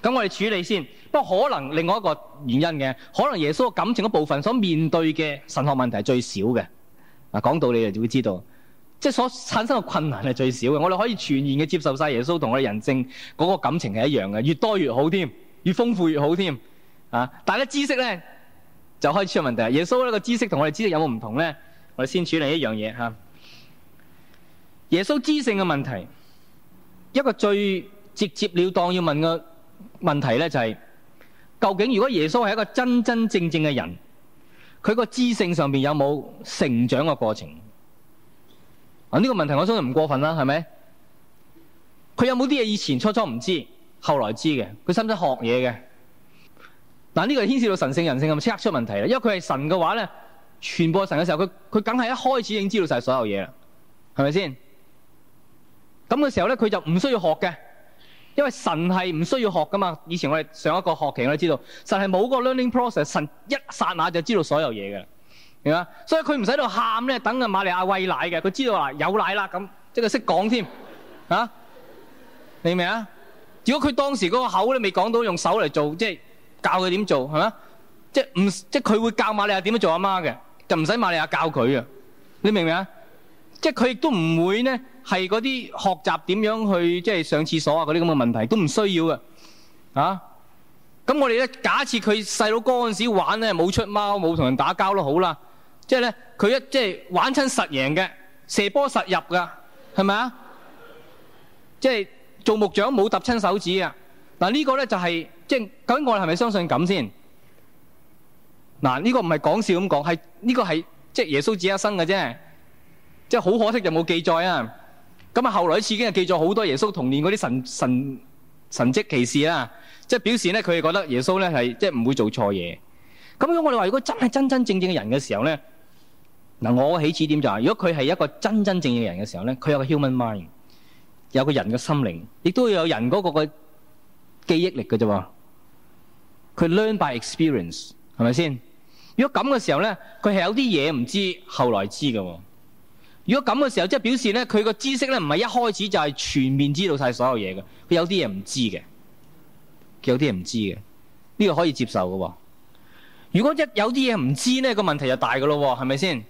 咁我哋處理先。不過可能另外一個原因嘅，可能耶穌感情嗰部分所面對嘅神學問題最少嘅。嗱、啊，講道理你就會知道。即係所產生嘅困難係最少嘅，我哋可以全然嘅接受晒耶穌同我哋人性嗰個感情係一樣嘅，越多越好添，越豐富越好添。啊！但係咧，知識咧就開始出問題。耶穌呢個知識同我哋知識有冇唔同咧？我哋先處理一樣嘢嚇。耶穌知性嘅問題，一個最直接，接了當要問嘅問題咧就係、是：究竟如果耶穌係一個真真正正嘅人，佢個知性上邊有冇成長嘅過程？呢個問題我相信唔過分啦，係咪？佢有冇啲嘢，以前初初唔知，後來知嘅？佢使唔使學嘢嘅？嗱，呢個牽涉到神性人性咁，即刻出問題啦。因為佢係神嘅話咧，全部神嘅時候，佢佢梗係一開始已經知道晒所有嘢啦，係咪先？咁嘅時候咧，佢就唔需要學嘅，因為神係唔需要學噶嘛。以前我哋上一個學期我哋都知道，神係冇個 learning process，神一剎那就知道所有嘢嘅。係嘛？所以佢唔使喺度喊咧，等阿瑪利亞餵奶嘅。佢知道啦，有奶啦咁，即係識講添嚇。你明唔明啊？如果佢當時嗰個口咧未講到，用手嚟做，即係教佢點做，係嘛？即係唔即係佢會教瑪利亞點樣做阿媽嘅，就唔使瑪利亞教佢啊。你明唔明啊？即係佢亦都唔會咧，係嗰啲學習點樣去即係上廁所啊嗰啲咁嘅問題都唔需要嘅。啊！咁我哋咧假設佢細佬哥嗰陣時玩咧冇出貓冇同人打交都好啦。即係咧，佢一即係玩親實贏嘅，射波實入噶，係咪啊？即係做木匠冇揼親手指啊！嗱，呢個咧就係、是，即係究竟我哋係咪相信咁先？嗱、啊、呢、這個唔係講笑咁講，係呢、這個係即係耶穌自己一生嘅啫，即係好可惜就冇記載啊！咁啊，後來啲次經啊記載好多耶穌童年嗰啲神神神跡奇事啊，即係表示咧佢哋覺得耶穌咧係即係唔會做錯嘢。咁、啊、我哋話如果真係真真正正嘅人嘅時候咧？嗱，我起始點就係，如果佢係一個真真正正嘅人嘅時候咧，佢有個 human mind，有個人嘅心靈，亦都有人嗰個嘅記憶力嘅啫喎。佢 learn by experience，係咪先？如果咁嘅時候咧，佢係有啲嘢唔知，後來知嘅。如果咁嘅時候，即係表示咧，佢個知識咧唔係一開始就係全面知道晒所有嘢嘅，佢有啲嘢唔知嘅，佢有啲嘢唔知嘅，呢個可以接受嘅。如果一有啲嘢唔知咧，個問題就大嘅咯，係咪先？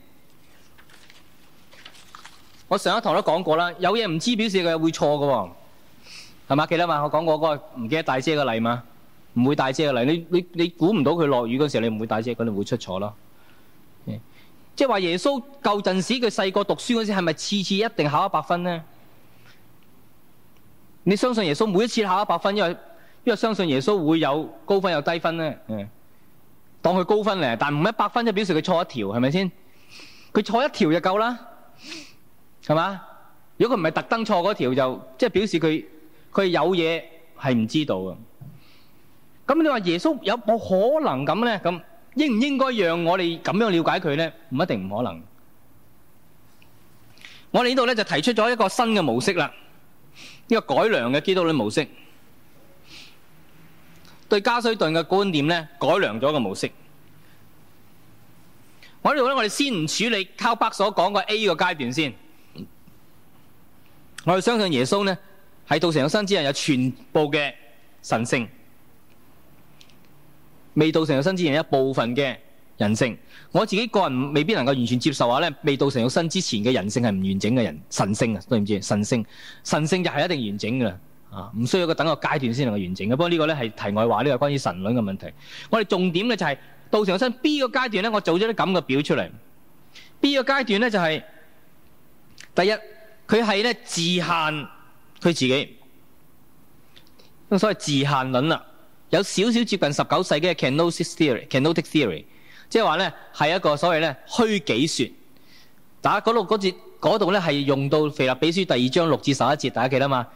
我上一堂都講過啦，有嘢唔知表示佢會錯噶，哦，係嘛？記得，那個，記嘛？我講過嗰個唔記得帶遮嘅例嘛？唔會帶遮嘅例，你你你估唔到佢落雨嗰時候，你唔會帶遮，佢哋會出錯咯，嗯。即係話耶穌舊陣時，佢細個讀書嗰時，係咪次次一定考一百分呢？你相信耶穌每一次考一百分，因為因為相信耶穌會有高分有低分呢。嗯，當佢高分嚟，但唔係一百分就表示佢錯一條，係咪先？佢錯一條就夠啦。係嘛？如果佢唔係特登錯嗰條，就即係表示佢佢有嘢係唔知道嘅。咁你話耶穌有冇可能咁呢？咁應唔應該讓我哋咁樣了解佢呢？唔一定唔可能。我哋呢度呢，就提出咗一個新嘅模式啦，一個改良嘅基督論模式，對加斯頓嘅觀點呢，改良咗嘅模式。我哋呢度呢，我哋先唔處理靠巴所講個 A 個階段先。我哋相信耶穌呢，喺道成肉身之前有全部嘅神性；未道成肉身之前，有一部分嘅人性。我自己個人未必能夠完全接受話呢，未道成肉身之前嘅人性係唔完整嘅人神性啊，知唔知？神性神性，神性就係一定完整嘅啊，唔需要等一個等個階段先能夠完整嘅。不過呢個呢，係題外話，呢、這個關於神論嘅問題。我哋重點嘅就係、是、道成肉身 B 個階段呢，我做咗啲咁嘅表出嚟。B 個階段呢、就是，就係第一。佢係咧自限佢自己，所謂自限論啦，有少少接近十九世紀嘅 Kenotic Theory、Kenotic Theory，即係話咧係一個所謂咧虛己說。大家嗰度嗰度咧係用到《腓立比書》第二章六至十一節，大家記得嘛？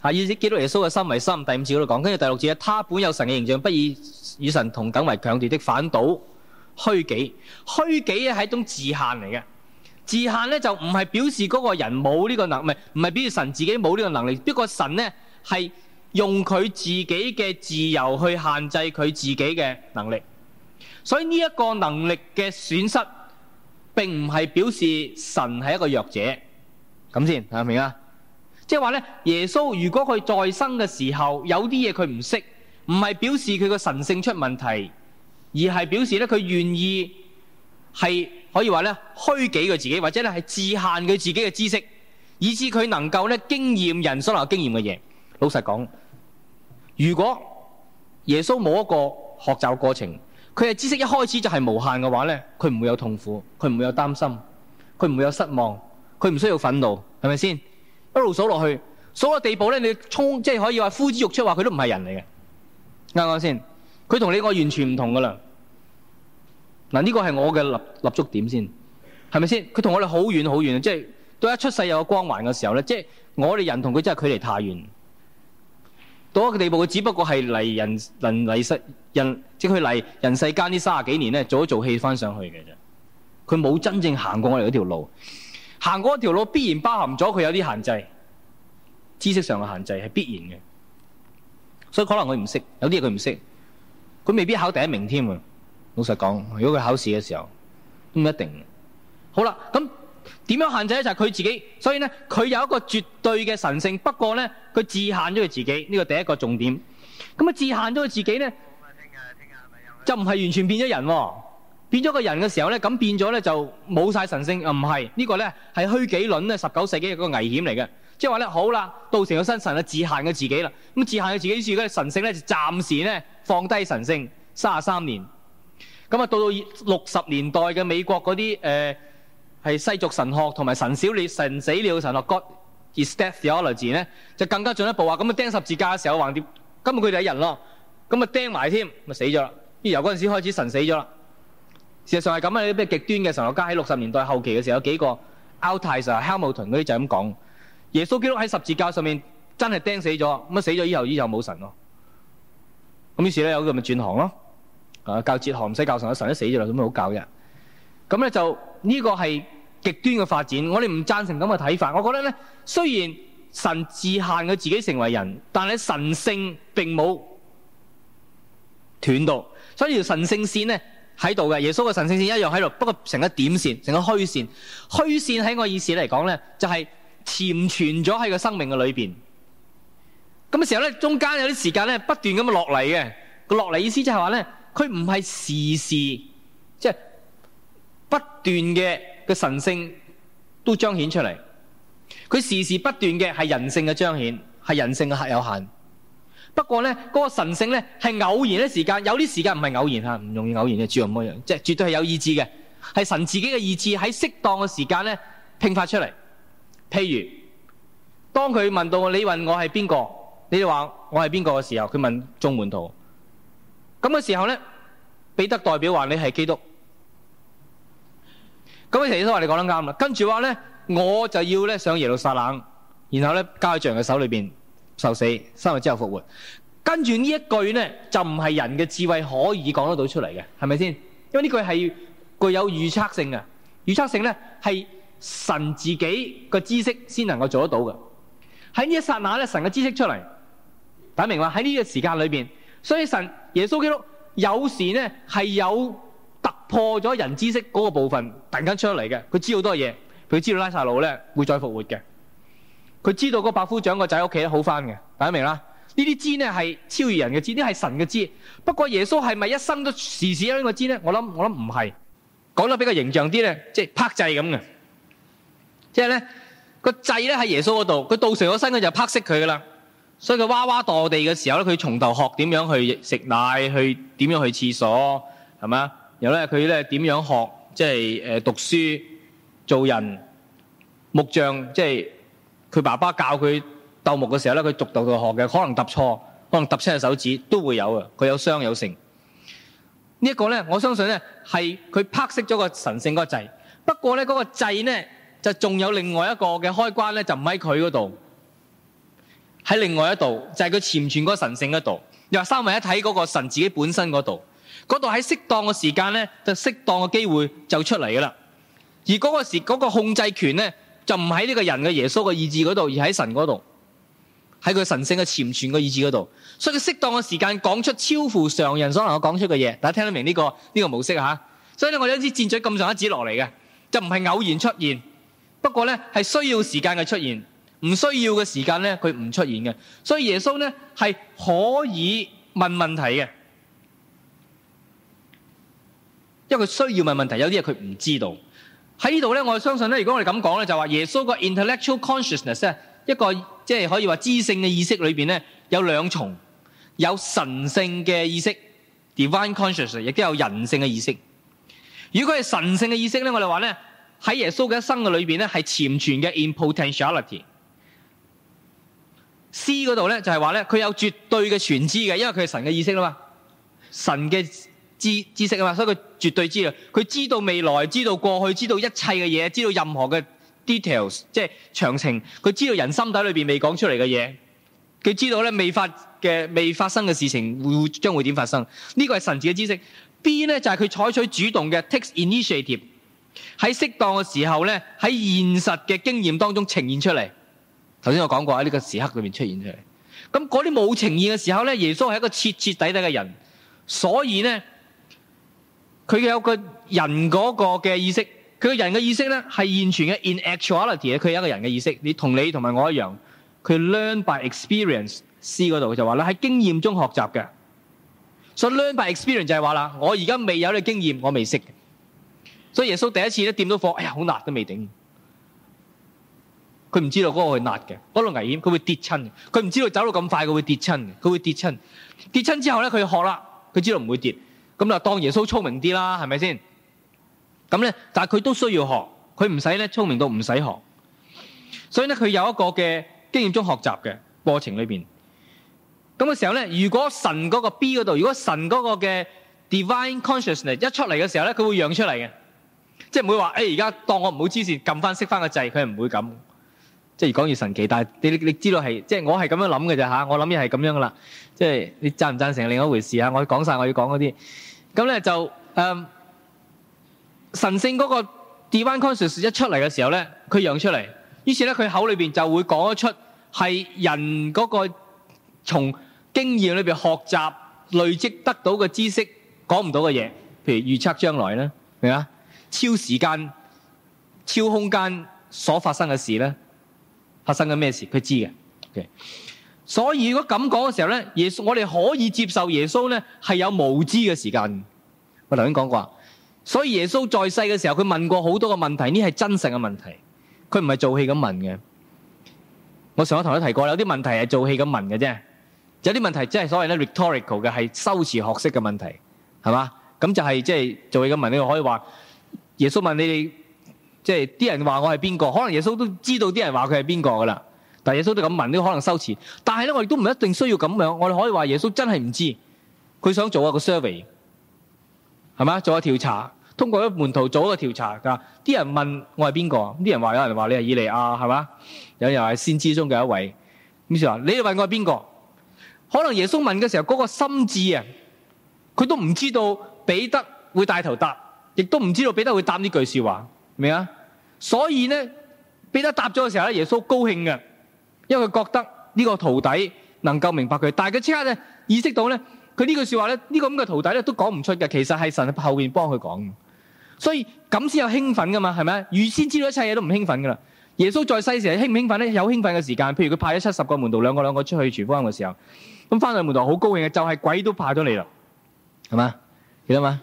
啊，以基督耶穌嘅心為心，第五節嗰度講，跟住第六節啊，他本有神嘅形象，不以與神同等為強調的反倒虛己，虛己咧係一種自限嚟嘅。自限咧就唔係表示嗰個人冇呢個能力。唔係表示神自己冇呢個能力，不過神呢，係用佢自己嘅自由去限制佢自己嘅能力，所以呢一個能力嘅損失，並唔係表示神係一個弱者，咁先睇明啊？即係話呢，耶穌如果佢再生嘅時候有啲嘢佢唔識，唔係表示佢個神性出問題，而係表示呢，佢願意係。可以話咧虛己佢自己，或者咧係自限佢自己嘅知識，以致佢能夠咧經驗人所能經驗嘅嘢。老實講，如果耶穌冇一個學習過程，佢嘅知識一開始就係無限嘅話咧，佢唔會有痛苦，佢唔會有擔心，佢唔會有失望，佢唔需要憤怒，係咪先？一路數落去，數到地步咧，你冲即係可以話呼之欲出，話佢都唔係人嚟嘅。啱啱先，佢同你個完全唔同噶啦。嗱，呢個係我嘅立立足點先，係咪先？佢同我哋好遠好遠，即係到一出世有個光環嘅時候咧，即係我哋人同佢真係距離太遠。到一個地步，佢只不過係嚟人，嚟世人，人即佢嚟人世間呢三十幾年咧，做一做戲翻上去嘅啫。佢冇真正行過我哋嗰條路，行過一條路必然包含咗佢有啲限制，知識上嘅限制係必然嘅。所以可能佢唔識，有啲嘢佢唔識，佢未必考第一名添。老實講，如果佢考試嘅時候，都唔一定。好啦，咁點樣限制咧？就係、是、佢自己。所以咧，佢有一個絕對嘅神性，不過咧，佢自限咗佢自己。呢、這個第一個重點。咁啊、哦這個就是，自限咗佢自己咧，就唔係完全變咗人，變咗個人嘅時候咧，咁變咗咧就冇晒神性。唔係呢個咧係虛己論咧，十九世紀嘅一個危險嚟嘅。即係話咧，好啦，道成個新神啦，自限咗自己啦。咁自限咗自己，於是咧神性咧就暫時咧放低神性三十三年。咁啊，到到六十年代嘅美國嗰啲誒係世俗神學同埋神小裂神死了嘅神學 God is dead 嘅 theology 呢，就更加進一步啊！咁啊釘十字架嘅時候橫掂，根本佢哋係人咯，咁啊釘埋添，咪死咗啦！由嗰陣時開始，神死咗啦。事實上係咁啊！啲咩極端嘅神學家喺六十年代後期嘅時候有幾個 Altizer、Hamilton 嗰啲就係咁講：耶穌基督喺十字架上面真係釘死咗，咁啊死咗以後，以後冇神咯。咁於是咧有啲咪轉行咯。教哲學唔使教神，神都死咗啦，咁咪好教啫？咁咧就呢個係極端嘅發展，我哋唔贊成咁嘅睇法。我覺得咧，雖然神自限佢自己成為人，但係神性並冇斷到，所以條神性線咧喺度嘅。耶穌嘅神性線一樣喺度，不過成一個點線，成個虛線。虛線喺我意思嚟講咧，就係、是、潛存咗喺個生命嘅裏面。咁嘅時候咧，中間有啲時間咧不斷咁啊落嚟嘅。個落嚟意思即係話咧。佢唔係時時即係不斷嘅嘅神性都彰顯出嚟。佢時時不斷嘅係人性嘅彰顯，係人性嘅有限。不過呢，嗰個神性呢，係偶然嘅時間，有啲時間唔係偶然嚇，唔容易偶然嘅。主要噉樣即係絕對係有意志嘅，係神自己嘅意志喺適當嘅時間呢拼發出嚟。譬如當佢問到，你問我係邊個，你哋話我係邊個嘅時候，佢問眾門徒。咁嘅時候咧，彼得代表話你係基督。咁成日都話你講得啱啦。跟住話咧，我就要咧上耶路撒冷，然後咧交喺象嘅手裏邊受死，三日之後復活。跟住呢一句咧，就唔係人嘅智慧可以講得到出嚟嘅，係咪先？因為呢句係具有預測性嘅，預測性咧係神自己嘅知識先能夠做得到嘅。喺呢一剎那咧，神嘅知識出嚟，睇明話喺呢個時間裏邊。所以神耶穌基督有時咧係有突破咗人知識嗰個部分，突然間出嚟嘅，佢知好多嘢。佢知道拉撒路咧會再復活嘅，佢知道個百夫長個仔屋企咧好翻嘅。大家明啦？呢啲知咧係超越人嘅知，呢啲係神嘅知。不過耶穌係咪一生都時時喺呢個知咧？我諗我諗唔係。講得比較形象啲咧，即係拍掣咁嘅，即係咧個掣咧喺耶穌嗰度，佢道成咗身，佢就拍熄佢噶啦。所以佢娃娃墮地嘅時候呢，佢從頭學點樣去食奶，去點樣去廁所，係咪？然後呢，佢呢點樣學，即係誒讀書、做人、木匠，即係佢爸爸教佢鬥木嘅時候呢，佢逐度度學嘅，可能揼錯，可能揼親隻手指都會有嘅，佢有傷有性。呢一個呢，我相信呢係佢拍熄咗個神性嗰個掣。不過呢嗰個掣呢，就仲有另外一個嘅開關呢，就唔喺佢嗰度。喺另外一度，就係佢潛存嗰個神聖嗰度，又三位一體嗰個神自己本身嗰度，嗰度喺適當嘅時間咧，就適當嘅機會就出嚟噶啦。而嗰個時、嗰個控制權咧，就唔喺呢個人嘅耶穌嘅意志嗰度，而喺神嗰度，喺佢神聖嘅潛存嘅意志嗰度。所以佢適當嘅時間講出超乎常人所能夠講出嘅嘢，大家聽得明呢個呢個模式吓？所以咧，我有支箭嘴咁上一下指落嚟嘅，就唔係偶然出現，不過咧係需要時間嘅出現。唔需要嘅時間咧，佢唔出現嘅，所以耶穌咧係可以問問題嘅，因為佢需要問問題，有啲嘢佢唔知道。喺呢度咧，我相信咧，如果我哋咁講咧，就話耶穌個 intellectual consciousness 咧，一個即係、就是、可以話知性嘅意識裏邊咧，有兩重，有神性嘅意識 （divine consciousness） 亦都有人性嘅意識。如果係神性嘅意識咧，我哋話咧，喺耶穌嘅一生嘅裏邊咧，係潛存嘅 in potentiality。c 嗰度咧就係話咧，佢有絕對嘅全知嘅，因為佢係神嘅意識啊嘛，神嘅知知識啊嘛，所以佢絕對知道，佢知道未來，知道過去，知道一切嘅嘢，知道任何嘅 details，即係詳情，佢知道人心底裏邊未講出嚟嘅嘢，佢知道咧未發嘅未發生嘅事情會將會點發生，呢個係神智嘅知識。B 咧就係佢採取主動嘅 take initiative，喺適當嘅時候咧，喺現實嘅經驗當中呈現出嚟。頭先我講過喺呢個時刻裏面出現出嚟，咁嗰啲冇情義嘅時候咧，耶穌係一個徹徹底底嘅人，所以咧，佢有個人嗰個嘅意識，佢個人嘅意識咧係完全嘅 in actuality，佢有一個人嘅意，意，意識。你同你同埋我一樣，佢 learn by experience，詩嗰度就話啦，喺經驗中學習嘅，所、so、以 learn by experience 就係話啦，我而家未有呢個經驗，我未識，所以耶穌第一次咧掂到火，哎呀，好辣都未頂。佢唔知道嗰度係辣嘅，嗰度危險，佢會跌親。佢唔知道走到咁快，佢會跌親，佢會跌親。跌親之後咧，佢學啦，佢知道唔會跌。咁就當耶穌聰明啲啦，係咪先？咁咧，但係佢都需要學，佢唔使咧聰明到唔使學。所以咧，佢有一個嘅經驗中學習嘅過程裏邊。咁嘅時候咧，如果神嗰個 B 嗰度，如果神嗰個嘅 Divine Consciousness 一出嚟嘅時候咧，佢會養出嚟嘅，即係唔會話誒而家當我唔好黐線，撳翻熄翻個掣，佢係唔會咁。即係越講越神奇，但係你你知道係即係我係咁樣諗嘅啫吓，我諗嘢係咁樣噶啦。即係你贊唔贊成係另一回事啊，我要講晒，我要講嗰啲。咁咧就嗯，神聖嗰個 divine consciousness 一出嚟嘅時候咧，佢養出嚟，於是咧佢口裏邊就會講一出係人嗰個從經驗裏邊學習累積得到嘅知識講唔到嘅嘢，譬如預測將來呢，明啊？超時間、超空間所發生嘅事咧。發生緊咩事？佢知嘅，所以如果咁講嘅時候咧，耶穌，我哋可以接受耶穌咧，係有無知嘅時間。我頭先講過，所以耶穌在世嘅時候，佢問過好多個問題，呢係真實嘅問題，佢唔係做戲咁問嘅。我上一堂都提過，有啲問題係做戲咁問嘅啫，有啲問題即係所謂咧 rhetorical 嘅，係修辭學識嘅問題，係嘛？咁就係即係做戲咁問，你就可以話耶穌問你哋。即係啲人話我係邊個，可能耶穌都知道啲人話佢係邊個噶啦。但係耶穌都咁問，都可能收錢。但係咧，我亦都唔一定需要咁樣。我哋可以話耶穌真係唔知，佢想做一個 survey，係嘛？做一個調查，通過一門徒做一個調查噶。啲人問我係邊個，啲人話有人話你係以利亞，係嘛？有人話先知中嘅一位。咁就話，你哋問我係邊個？可能耶穌問嘅時候嗰個心智啊，佢都唔知道彼得會帶頭答，亦都唔知道彼得會答呢句說話，明啊？所以咧，彼得答咗嘅時候咧，耶穌高興嘅，因為佢覺得呢個徒弟能夠明白佢。但係佢即刻咧意識到咧，佢呢句說話咧，呢個咁嘅徒弟咧都講唔出嘅，其實係神後邊幫佢講。所以咁先有興奮噶嘛，係咪啊？預先知道一切嘢都唔興奮噶啦。耶穌在世時係興唔興奮咧？有興奮嘅時間，譬如佢派咗七十個門徒兩個兩個出去傳福音嘅時候，咁翻去門徒好高興嘅，就係鬼都派咗你啦，係嘛？記得嘛？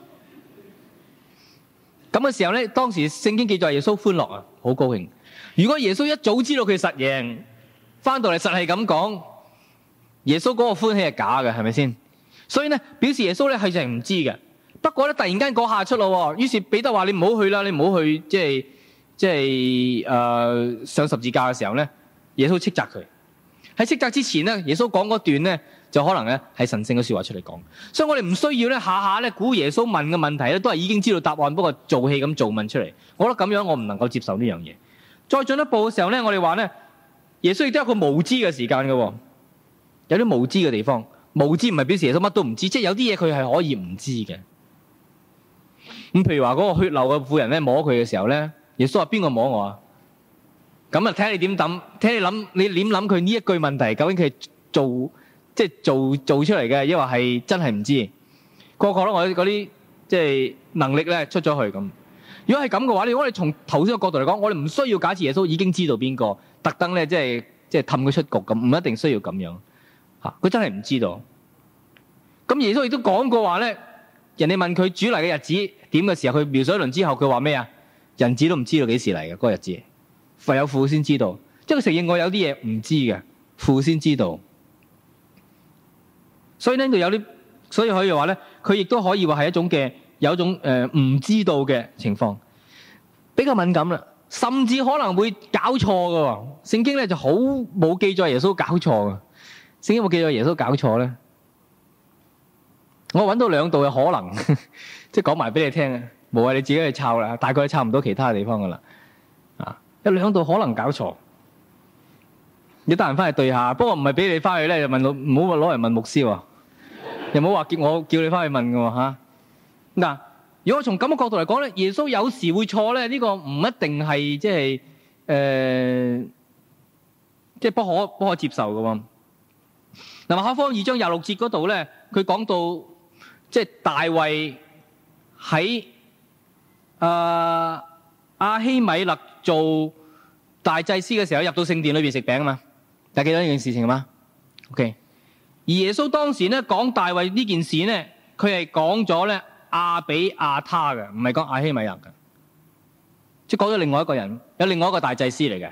咁嘅時候咧，當時聖經記載耶穌歡樂啊，好高興。如果耶穌一早知道佢實贏，翻到嚟實係咁講，耶穌嗰個歡喜係假嘅，係咪先？所以咧，表示耶穌咧係就係唔知嘅。不過咧，突然間嗰下出咯，於是彼得話你唔好去啦，你唔好去，即係即係誒、呃、上十字架嘅時候咧，耶穌斥責佢。喺斥責之前咧，耶穌講嗰段咧。就可能咧係神聖嘅說話出嚟講，所以我哋唔需要咧下下咧估耶穌問嘅問題咧都係已經知道答案，不過做戲咁做問出嚟。我覺得咁樣我唔能夠接受呢樣嘢。再進一步嘅時候咧，我哋話咧，耶穌亦都有一個無知嘅時間嘅、哦，有啲無知嘅地方。無知唔係表示耶穌乜都唔知，即係有啲嘢佢係可以唔知嘅。咁譬如話嗰個血流嘅婦人咧摸佢嘅時候咧，耶穌話邊個摸我啊？咁啊睇下你點諗，睇你諗你點諗佢呢一句問題究竟佢係做？即係做做出嚟嘅？抑或係真係唔知？各個個都我嗰啲即係能力咧出咗去咁。如果係咁嘅話，如果你從頭先個角度嚟講，我哋唔需要假設耶穌已經知道邊個特登咧，即係即係氹佢出局咁，唔一定需要咁樣嚇。佢真係唔知道。咁耶穌亦都講過話咧，人哋問佢主嚟嘅日子點嘅時候，佢描述一輪之後，佢話咩啊？人子都唔知道幾時嚟嘅嗰個日子，唯有父先知道。即係佢承認我有啲嘢唔知嘅，父先知道。所以呢度有啲，所以可以話咧，佢亦都可以話係一種嘅有一種呃、唔知道嘅情況，比較敏感啦，甚至可能會搞錯喎。聖經咧就好冇記載耶穌搞錯㗎。聖經冇記載耶穌搞錯咧？我揾到兩度嘅可能，即 係講埋俾你聽，冇話你自己去抄啦，大概抄唔到其他地方嘅啦。啊，有兩度可能搞錯，你得閒翻去對下。不過唔係俾你翻去咧，就問老，唔好攞嚟問牧師喎。又冇話叫我叫你翻去問噶喎。嗱，如果從咁嘅角度嚟講咧，耶穌有時會錯咧，呢、這個唔一定係即係，誒、就是，即、呃、係、就是、不可不可接受噶喎、啊。嗱、啊，馬可福音二章廿六節嗰度咧，佢講到即係、就是、大衛喺、呃、阿希米勒做大祭司嘅時候，入到聖殿裏邊食餅啊嘛。大家記得呢件事情嘛？OK。而耶穌當時咧講大衛呢件事咧，佢係講咗咧亞比亞他嘅，唔係講亞希米亞嘅，即係講咗另外一個人，有另外一個大祭司嚟嘅、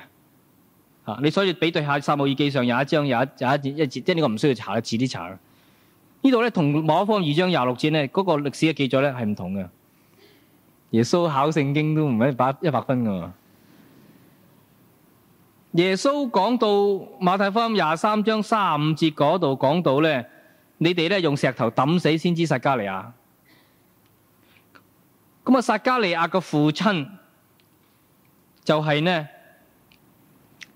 啊。你所以比對下《三母耳記》撒母耳記上有一章有一有一節，即係呢個唔需要查，遲啲查啦。呢度咧同馬可福音二章廿六節咧嗰個歷史嘅記載咧係唔同嘅。耶穌考聖經都唔係把一百分㗎嘛。耶穌講到馬太福音廿三章三五節嗰度講到咧，你哋咧用石頭抌死先知撒加利亞。咁啊，撒加利亞個父親就係呢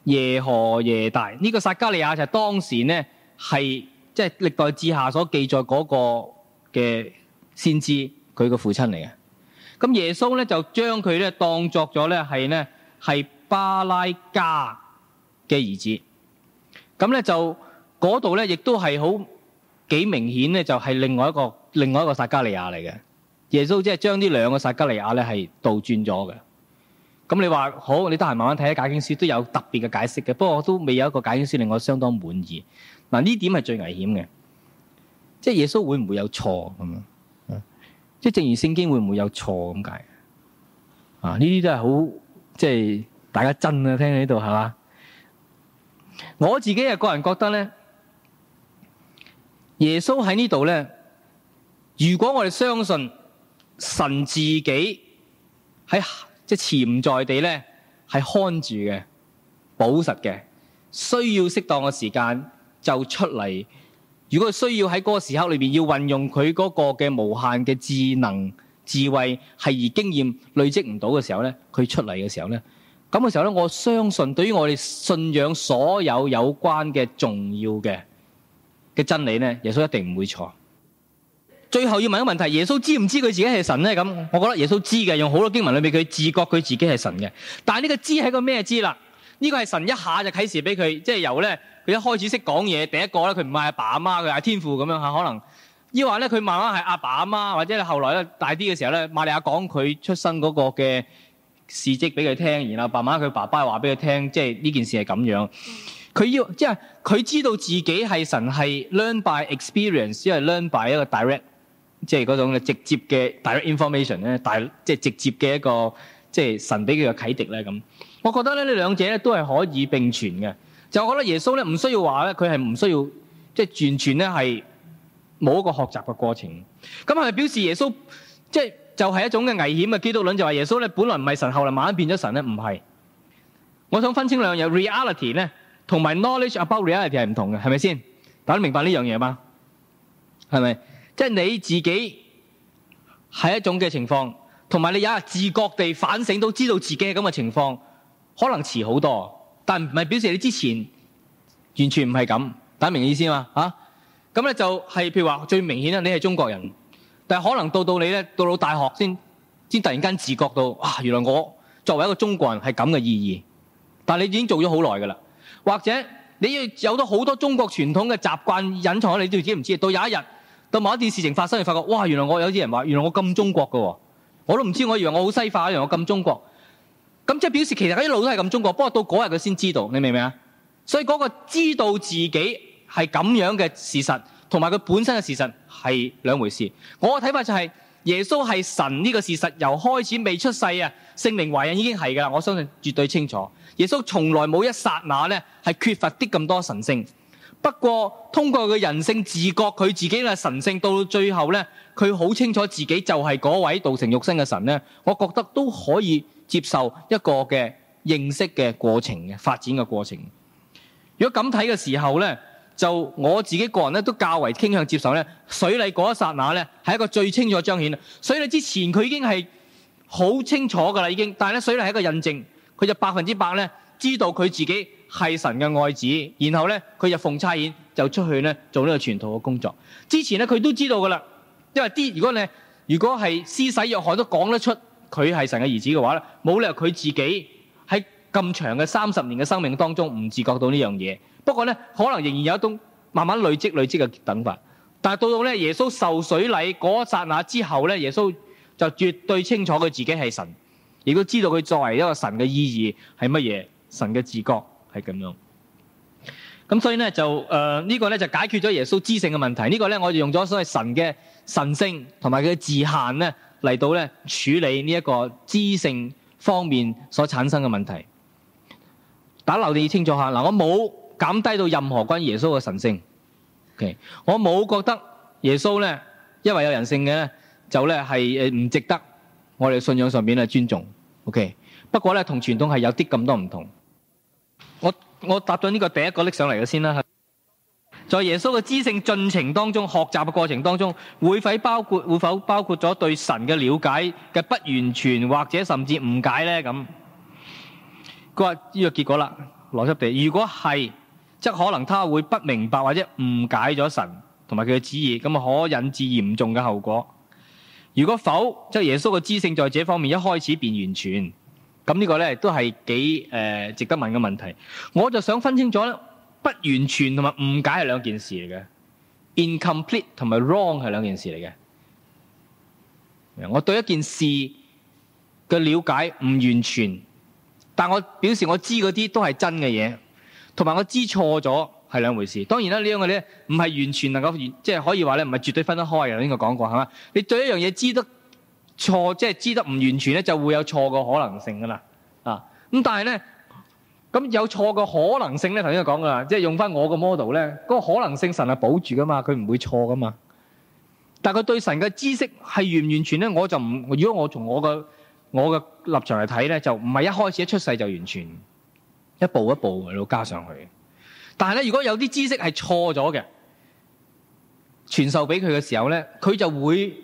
耶何耶大。呢、呢個撒加利亞就係當時呢係即係歷代志下所記載嗰個嘅先知佢個父親嚟嘅。咁耶穌咧就將佢咧當作咗咧係呢係巴拉加。嘅兒子咁咧，那就嗰度咧，亦都係好幾明顯咧，就係另外一個另外一個撒加利亞嚟嘅耶穌。即係將呢兩個撒加利亞咧係倒轉咗嘅。咁你話好，你得閒慢慢睇下，解經師都有特別嘅解釋嘅。不過都未有一個解經師令我相當滿意嗱。呢點係最危險嘅，即係耶穌會唔會有錯咁樣？嗯、即係正如《聖經》會唔會有錯咁解啊？呢啲都係好即係大家真啊！聽喺呢度係嘛？我自己係個人覺得咧，耶穌喺呢度咧，如果我哋相信神自己喺即係潛在地咧係看住嘅，保實嘅，需要適當嘅時間就出嚟。如果需要喺嗰個時刻裏邊要運用佢嗰個嘅無限嘅智能，智慧係而經驗累積唔到嘅時候咧，佢出嚟嘅時候咧。咁嘅時候咧，我相信對於我哋信仰所有有關嘅重要嘅嘅真理咧，耶穌一定唔會錯。最後要問一個問題：耶穌知唔知佢自己係神咧？咁，我覺得耶穌知嘅，用好多經文裏邊佢自覺佢自己係神嘅。但係呢個知係個咩知啦？呢、這個係神一下就啟示俾佢，即係由咧佢一開始識講嘢，第一個咧佢唔係阿爸阿媽，佢係天父咁樣吓，可能亦話咧佢慢慢係阿爸阿媽，媽，或者後來咧大啲嘅時候咧，瑪利亞講佢出生嗰、那個嘅。事跡俾佢聽，然後爸媽佢爸爸話俾佢聽，即係呢件事係咁樣。佢要即係佢知道自己係神係 learn by experience，因為 learn by 一個 direct，即係嗰種嘅直接嘅 direct information 咧，大即係直接嘅一個即係神俾佢嘅啟迪咧咁。我覺得咧呢兩者咧都係可以並存嘅。就我覺得耶穌咧唔需要話咧，佢係唔需要即係完全咧係冇一個學習嘅過程。咁係咪表示耶穌即係？就是就係一種嘅危險嘅基督論就話耶穌咧，本來唔係神，後來慢慢變咗神咧，唔係。我想分清兩樣，reality 咧同埋 knowledge about reality 係唔同嘅，係咪先？大家明白呢樣嘢嗎？係咪？即係你自己係一種嘅情況，同埋你有一日自覺地反省，都知道自己係咁嘅情況，可能遲好多，但唔係表示你之前完全唔係咁。大家明意思嘛？嚇、啊？咁咧就係、是、譬如話最明顯啊，你係中國人。但係可能到到你咧，到到大學先，先突然間自覺到，哇！原來我作為一個中國人係咁嘅意義。但係你已經做咗好耐㗎啦，或者你要有咗好多中國傳統嘅習慣隱藏喺你度知唔知？到有一日，到某一件事情發生，你發覺，哇！原來我有啲人話，原來我咁中國㗎喎，我都唔知，我以為我好西化，原來我咁中國。咁即係表示其實他一路都係咁中國，不過到嗰日佢先知道，你明唔明啊？所以嗰個知道自己係咁樣嘅事實。同埋佢本身嘅事實係兩回事。我嘅睇法就係耶穌係神呢個事實，由開始未出世啊，聖靈懷孕已經係噶啦。我相信絕對清楚，耶穌從來冇一剎那咧係缺乏啲咁多神性。不過通過佢嘅人性自覺，佢自己嘅神性到最後咧，佢好清楚自己就係嗰位道成肉身嘅神咧。我覺得都可以接受一個嘅認識嘅過程嘅發展嘅過程。如果咁睇嘅時候咧，就我自己個人咧，都較為傾向接受咧。水禮嗰一剎那咧，係一個最清楚嘅彰顯。水禮之前佢已經係好清楚噶啦，已經。但係咧，水禮係一個印證，佢就百分之百咧知道佢自己係神嘅愛子。然後咧，佢就奉差遣就出去咧做呢個傳道嘅工作。之前咧，佢都知道噶啦，因為啲如果你如果係施洗約翰都講得出佢係神嘅兒子嘅話咧，冇理由佢自己喺咁長嘅三十年嘅生命當中唔自覺到呢樣嘢。不過咧，可能仍然有一種慢慢累積累積嘅等法，但係到到咧耶穌受水禮嗰一剎那之後咧，耶穌就絕對清楚佢自己係神，亦都知道佢作為一個神嘅意義係乜嘢，神嘅自覺係咁樣。咁所以咧就誒、呃這個、呢個咧就解決咗耶穌知性嘅問題。這個、呢個咧我哋用咗所謂神嘅神性同埋佢嘅自限咧嚟到咧處理呢一個知性方面所產生嘅問題。大家留意清楚下嗱，我冇。減低到任何關於耶穌嘅神聖，OK，我冇覺得耶穌咧，因為有人性嘅咧，就咧係誒唔值得我哋信仰上面嘅尊重，OK。不過咧同傳統係有啲咁多唔同。我我答咗呢個第一個拎上嚟嘅先啦。在耶穌嘅知性進程當中，學習嘅過程當中，會否包括會否包括咗對神嘅了解嘅不完全，或者甚至誤解咧咁？佢話呢個結果啦，邏輯地，如果係。即可能他會不明白或者誤解咗神同埋佢嘅旨意，咁啊可引致嚴重嘅後果。如果否，即耶穌嘅知性在這方面一開始便完全。咁呢個咧都係幾誒值得問嘅問題。我就想分清楚咧，不完全同埋誤解係兩件事嚟嘅，incomplete 同埋 wrong 係兩件事嚟嘅。我對一件事嘅了解唔完全，但我表示我知嗰啲都係真嘅嘢。同埋我知錯咗係兩回事，當然啦呢樣嘢咧唔係完全能夠即係可以話咧唔係絕對分得開嘅。頭先我講過係嘛？你對一樣嘢知得錯，即係知得唔完全咧，就會有錯個可能性㗎啦。啊咁，但係咧咁有錯個可能性咧，頭先就講㗎啦，即係用翻我個 model 咧，嗰、那個可能性神係保住㗎嘛，佢唔會錯㗎嘛。但係佢對神嘅知識係完唔完全咧，我就唔如果我從我個我個立場嚟睇咧，就唔係一開始一出世就完全。一步一步嚟到加上去，但係咧，如果有啲知識係錯咗嘅，傳授俾佢嘅時候咧，佢就會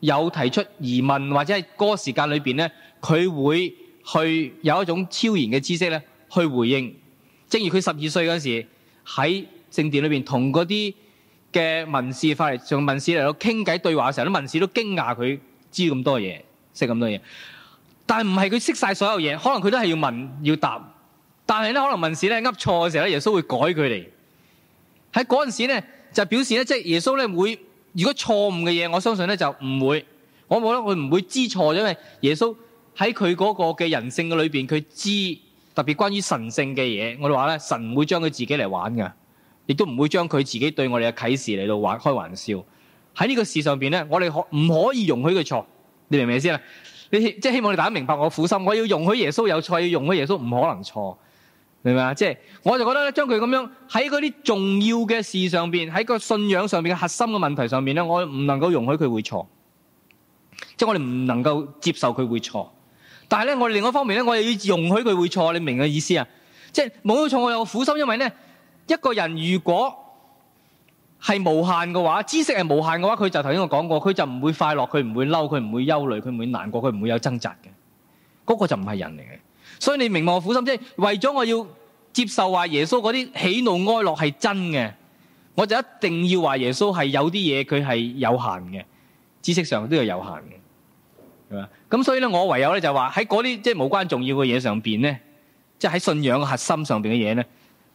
有提出疑問，或者係嗰個時間裏邊咧，佢會去有一種超然嘅知識咧，去回應。正如佢十二歲嗰時喺聖殿裏面同嗰啲嘅文士、法利賽文士嚟到傾偈對話嘅時候，啲文士都驚訝佢知咁多嘢，識咁多嘢。但係唔係佢識晒所有嘢？可能佢都係要問要答。但係咧，可能文士咧噏錯嘅時候咧，耶穌會改佢哋。喺嗰陣時咧，就表示咧，即係耶穌咧會，如果錯誤嘅嘢，我相信咧就唔會。我覺得，佢唔會知錯，因為耶穌喺佢嗰個嘅人性嘅裏邊，佢知特別關於神性嘅嘢。我哋話咧，神唔會將佢自己嚟玩㗎，亦都唔會將佢自己對我哋嘅啟示嚟到玩開玩笑。喺呢個事上邊咧，我哋可唔可以容許佢錯？你明唔明先啊？你即係希望你大家明白我苦心，我要容許耶穌有錯，要容許耶穌唔可能錯。明唔明啊？即係我就覺得咧，將佢咁樣喺嗰啲重要嘅事上邊，喺個信仰上邊嘅核心嘅問題上面咧，我唔能夠容許佢會錯，即係我哋唔能夠接受佢會錯。但係咧，我哋另一方面咧，我又要容許佢會錯。你明嘅意思啊？即係冇錯，我有苦心，因為咧，一個人如果係無限嘅話，知識係無限嘅話，佢就頭先我講過，佢就唔會快樂，佢唔會嬲，佢唔會憂慮，佢唔會難過，佢唔會有掙扎嘅。嗰個就唔係人嚟嘅。所以你明我苦心，即係為咗我要接受話耶穌嗰啲喜怒哀樂係真嘅，我就一定要話耶穌係有啲嘢佢係有限嘅，知識上都係有限嘅，係嘛？咁所以咧，我唯有咧就話喺嗰啲即係無關重要嘅嘢上面咧，即係喺信仰核心上面嘅嘢咧，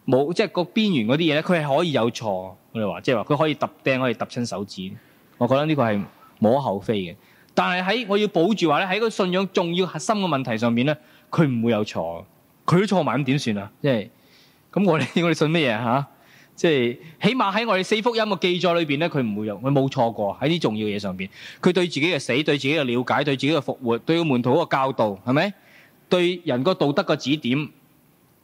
冇即係個邊緣嗰啲嘢咧，佢係可以有錯。我哋話即係話佢可以揼釘，可以揼親手指。我覺得呢個係冇可厚非嘅，但係喺我要保住話咧喺個信仰重要核心嘅問題上邊咧。佢唔會有錯，佢都錯埋咁點算啊？即係咁我哋我哋信乜嘢嚇？即係起碼喺我哋四福音嘅記載裏面咧，佢唔會有，佢冇錯過喺啲重要嘢上面，佢對自己嘅死，對自己嘅了解，對自己嘅復活，對個門徒嗰個教導，係咪？對人個道德個指點，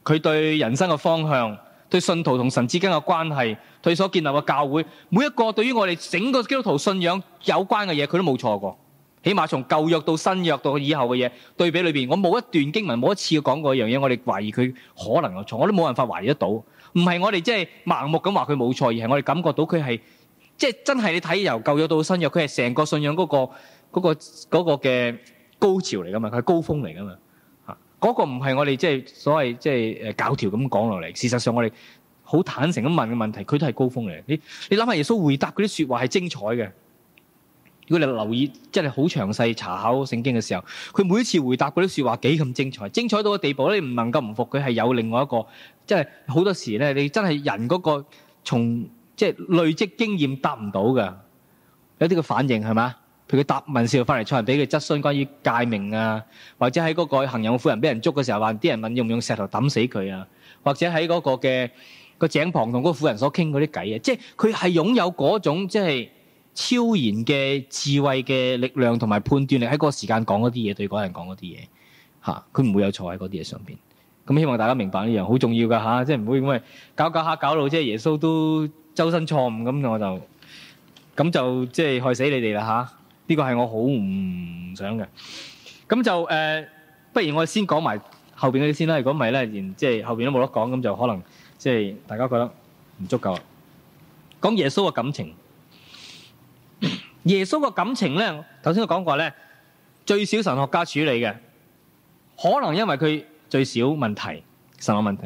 佢對人生嘅方向，對信徒同神之間嘅關係，對所建立嘅教會，每一個對於我哋整個基督徒信仰有關嘅嘢，佢都冇錯過。起碼從舊約到新約到以後嘅嘢對比裏邊，我冇一段經文冇一次講過一樣嘢，我哋懷疑佢可能有錯，我都冇辦法懷疑得到。唔係我哋即係盲目咁話佢冇錯，而係我哋感覺到佢係即係真係你睇由舊約到新約，佢係成個信仰嗰個嗰個嗰個嘅高潮嚟㗎嘛，佢係高峰嚟㗎嘛。嚇，嗰個唔係我哋即係所謂即係誒教條咁講落嚟。事實上我哋好坦誠咁問嘅問題，佢都係高峰嚟。你你諗下耶穌回答嗰啲説話係精彩嘅。如果你留意，即係好詳細查考聖經嘅時候，佢每次回答嗰啲說話幾咁精彩，精彩到嘅地步咧，你唔能夠唔服佢係有另外一個，即係好多時咧，你真係人嗰個從即係累積經驗答唔到㗎。有啲嘅反應係嘛？譬如佢答問笑翻嚟，出嚟俾佢質詢關於誡命啊，或者喺嗰個行淫婦人俾人捉嘅時候，話啲人問用唔用石頭揼死佢啊？或者喺嗰個嘅個井旁同嗰個婦人所傾嗰啲偈啊，即係佢係擁有嗰種即係。超然嘅智慧嘅力量同埋判斷力，喺個時間講嗰啲嘢，對嗰人講嗰啲嘢，嚇佢唔會有錯喺嗰啲嘢上邊。咁希望大家明白呢樣好重要噶嚇，即係唔會因為搞搞下搞，搞到即係耶穌都周身錯誤咁，我就咁就即係害死你哋啦嚇。呢、這個係我好唔想嘅。咁就誒、呃，不如我先講埋後邊嗰啲先啦。如果唔係咧，然即係後邊都冇得講，咁就可能即係大家覺得唔足夠。講耶穌嘅感情。耶穌個感情呢，頭先我講過呢，最少神學家處理嘅，可能因為佢最少問題神學問題。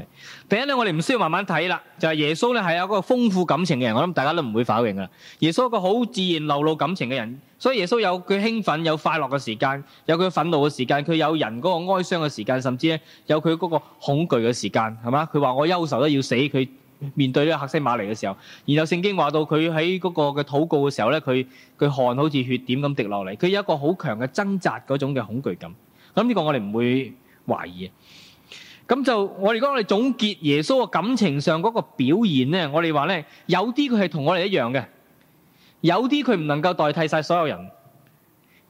第一呢，我哋唔需要慢慢睇啦，就係耶穌呢係有個豐富感情嘅人，我諗大家都唔會否認噶啦。耶穌一個好自然流露感情嘅人，所以耶穌有佢興奮有快樂嘅時間，有佢憤怒嘅時間，佢有人嗰個哀傷嘅時間，甚至咧有佢嗰個恐懼嘅時間，係嘛？佢話我憂愁得要死，佢。面對呢個客西馬尼嘅時候，然後聖經話到佢喺嗰個嘅禱告嘅時候咧，佢佢汗好似血點咁滴落嚟，佢有一個好強嘅掙扎嗰種嘅恐懼感。咁呢個我哋唔會懷疑。咁就我哋講，我哋總結耶穌嘅感情上嗰個表現咧，我哋話咧，有啲佢係同我哋一樣嘅，有啲佢唔能夠代替晒所有人，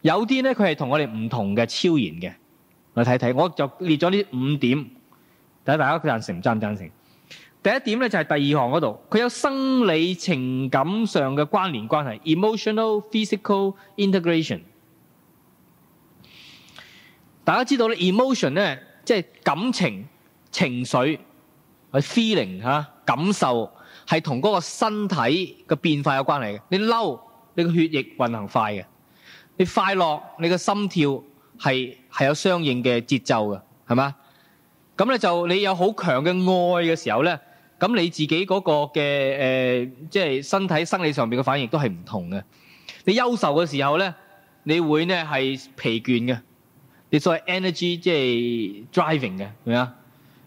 有啲咧佢係同我哋唔同嘅超然嘅。我睇睇，我就列咗呢五點，睇大家贊成唔贊唔贊成。第一點咧就係第二行嗰度，佢有生理情感上嘅關聯關係，emotional physical integration。大家知道咧，emotion 咧即係感情、情緒、feeling、啊、感受，係同嗰個身體嘅變化有關係嘅。你嬲，你個血液運行快嘅；你快樂，你個心跳係係有相應嘅節奏嘅，係嘛？咁咧就你有好強嘅愛嘅時候咧。咁你自己嗰個嘅，誒，即係身體生理上邊嘅反應都係唔同嘅。你憂愁嘅時候咧，你會咧係疲倦嘅，你所謂 energy 即係 driving 嘅，明啊？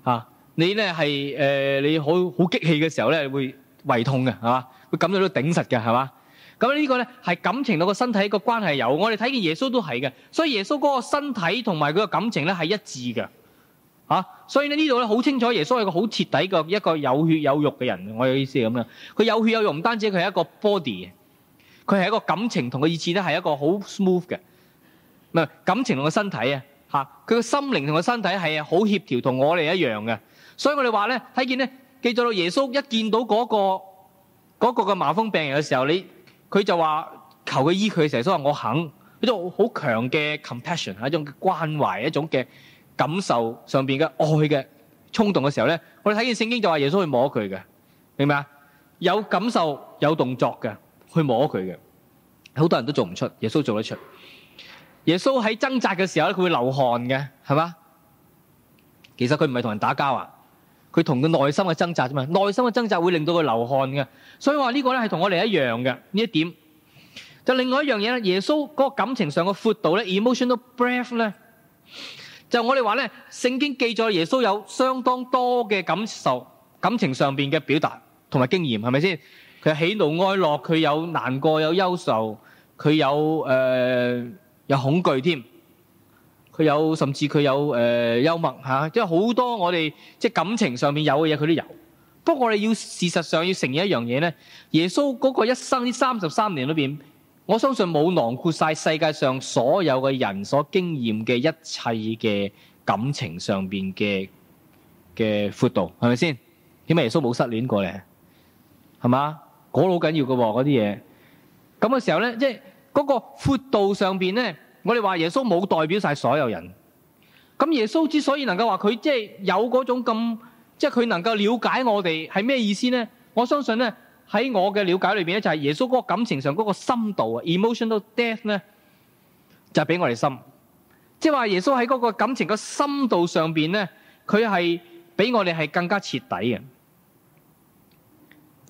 吓，你咧係誒，你好好激氣嘅時候咧，會胃痛嘅，係嘛？會感覺到頂實嘅，係嘛？咁呢個咧係感情同個身體個關係有，我哋睇見耶穌都係嘅，所以耶穌嗰個身體同埋佢嘅感情咧係一致嘅。啊、所以呢度咧好清楚，耶穌係個好徹底嘅一個有血有肉嘅人，我嘅意思係咁樣，佢有血有肉唔單止佢係一個 body，佢係一個感情同佢意思咧係一個好 smooth 嘅，唔係感情同個身體啊。佢個心靈同個身體係好協調，同我哋一樣嘅。所以我哋話咧，睇見咧，記住到耶穌一見到嗰個嗰個嘅麻風病人嘅時候，你佢就話求佢醫佢，耶穌話我肯，一種好強嘅 compassion 係一種關懷，一種嘅。感受上邊嘅愛嘅衝動嘅時候咧，我哋睇見聖經就話耶穌去摸佢嘅，明唔明啊？有感受、有動作嘅，去摸佢嘅。好多人都做唔出，耶穌做得出。耶穌喺掙扎嘅時候咧，佢會流汗嘅，係嘛？其實佢唔係同人打交啊，佢同佢內心嘅掙扎啫嘛。內心嘅掙扎會令到佢流汗嘅，所以話呢個咧係同我哋一樣嘅呢一點。就另外一樣嘢咧，耶穌嗰個感情上嘅闊度咧，emotional breadth 咧。就我哋話咧，聖經記載耶穌有相當多嘅感受、感情上邊嘅表達同埋經驗，係咪先？佢喜怒哀樂，佢有難過、有憂愁，佢有誒、呃、有恐懼添，佢有甚至佢有誒、呃、幽默吓、啊就是，即係好多我哋即係感情上面有嘅嘢佢都有。不過我哋要事實上要承認一樣嘢咧，耶穌嗰個一生呢三十三年裏面，我相信冇囊括晒世界上所有嘅人所經驗嘅一切嘅感情上面嘅嘅闊度，係咪先？點解耶穌冇失戀過咧？係嘛？嗰好緊要嘅喎、啊，嗰啲嘢。咁嘅時候咧，即係嗰個闊度上面咧，我哋話耶穌冇代表晒所有人。咁耶穌之所以能夠話佢即係有嗰種咁，即係佢能夠了解我哋係咩意思咧？我相信咧。喺我嘅了解裏邊咧，就係、是就是、耶穌嗰個感情上嗰個深度啊，emotional death 咧，就俾我哋深。即係話耶穌喺嗰個感情個深度上邊咧，佢係俾我哋係更加徹底嘅。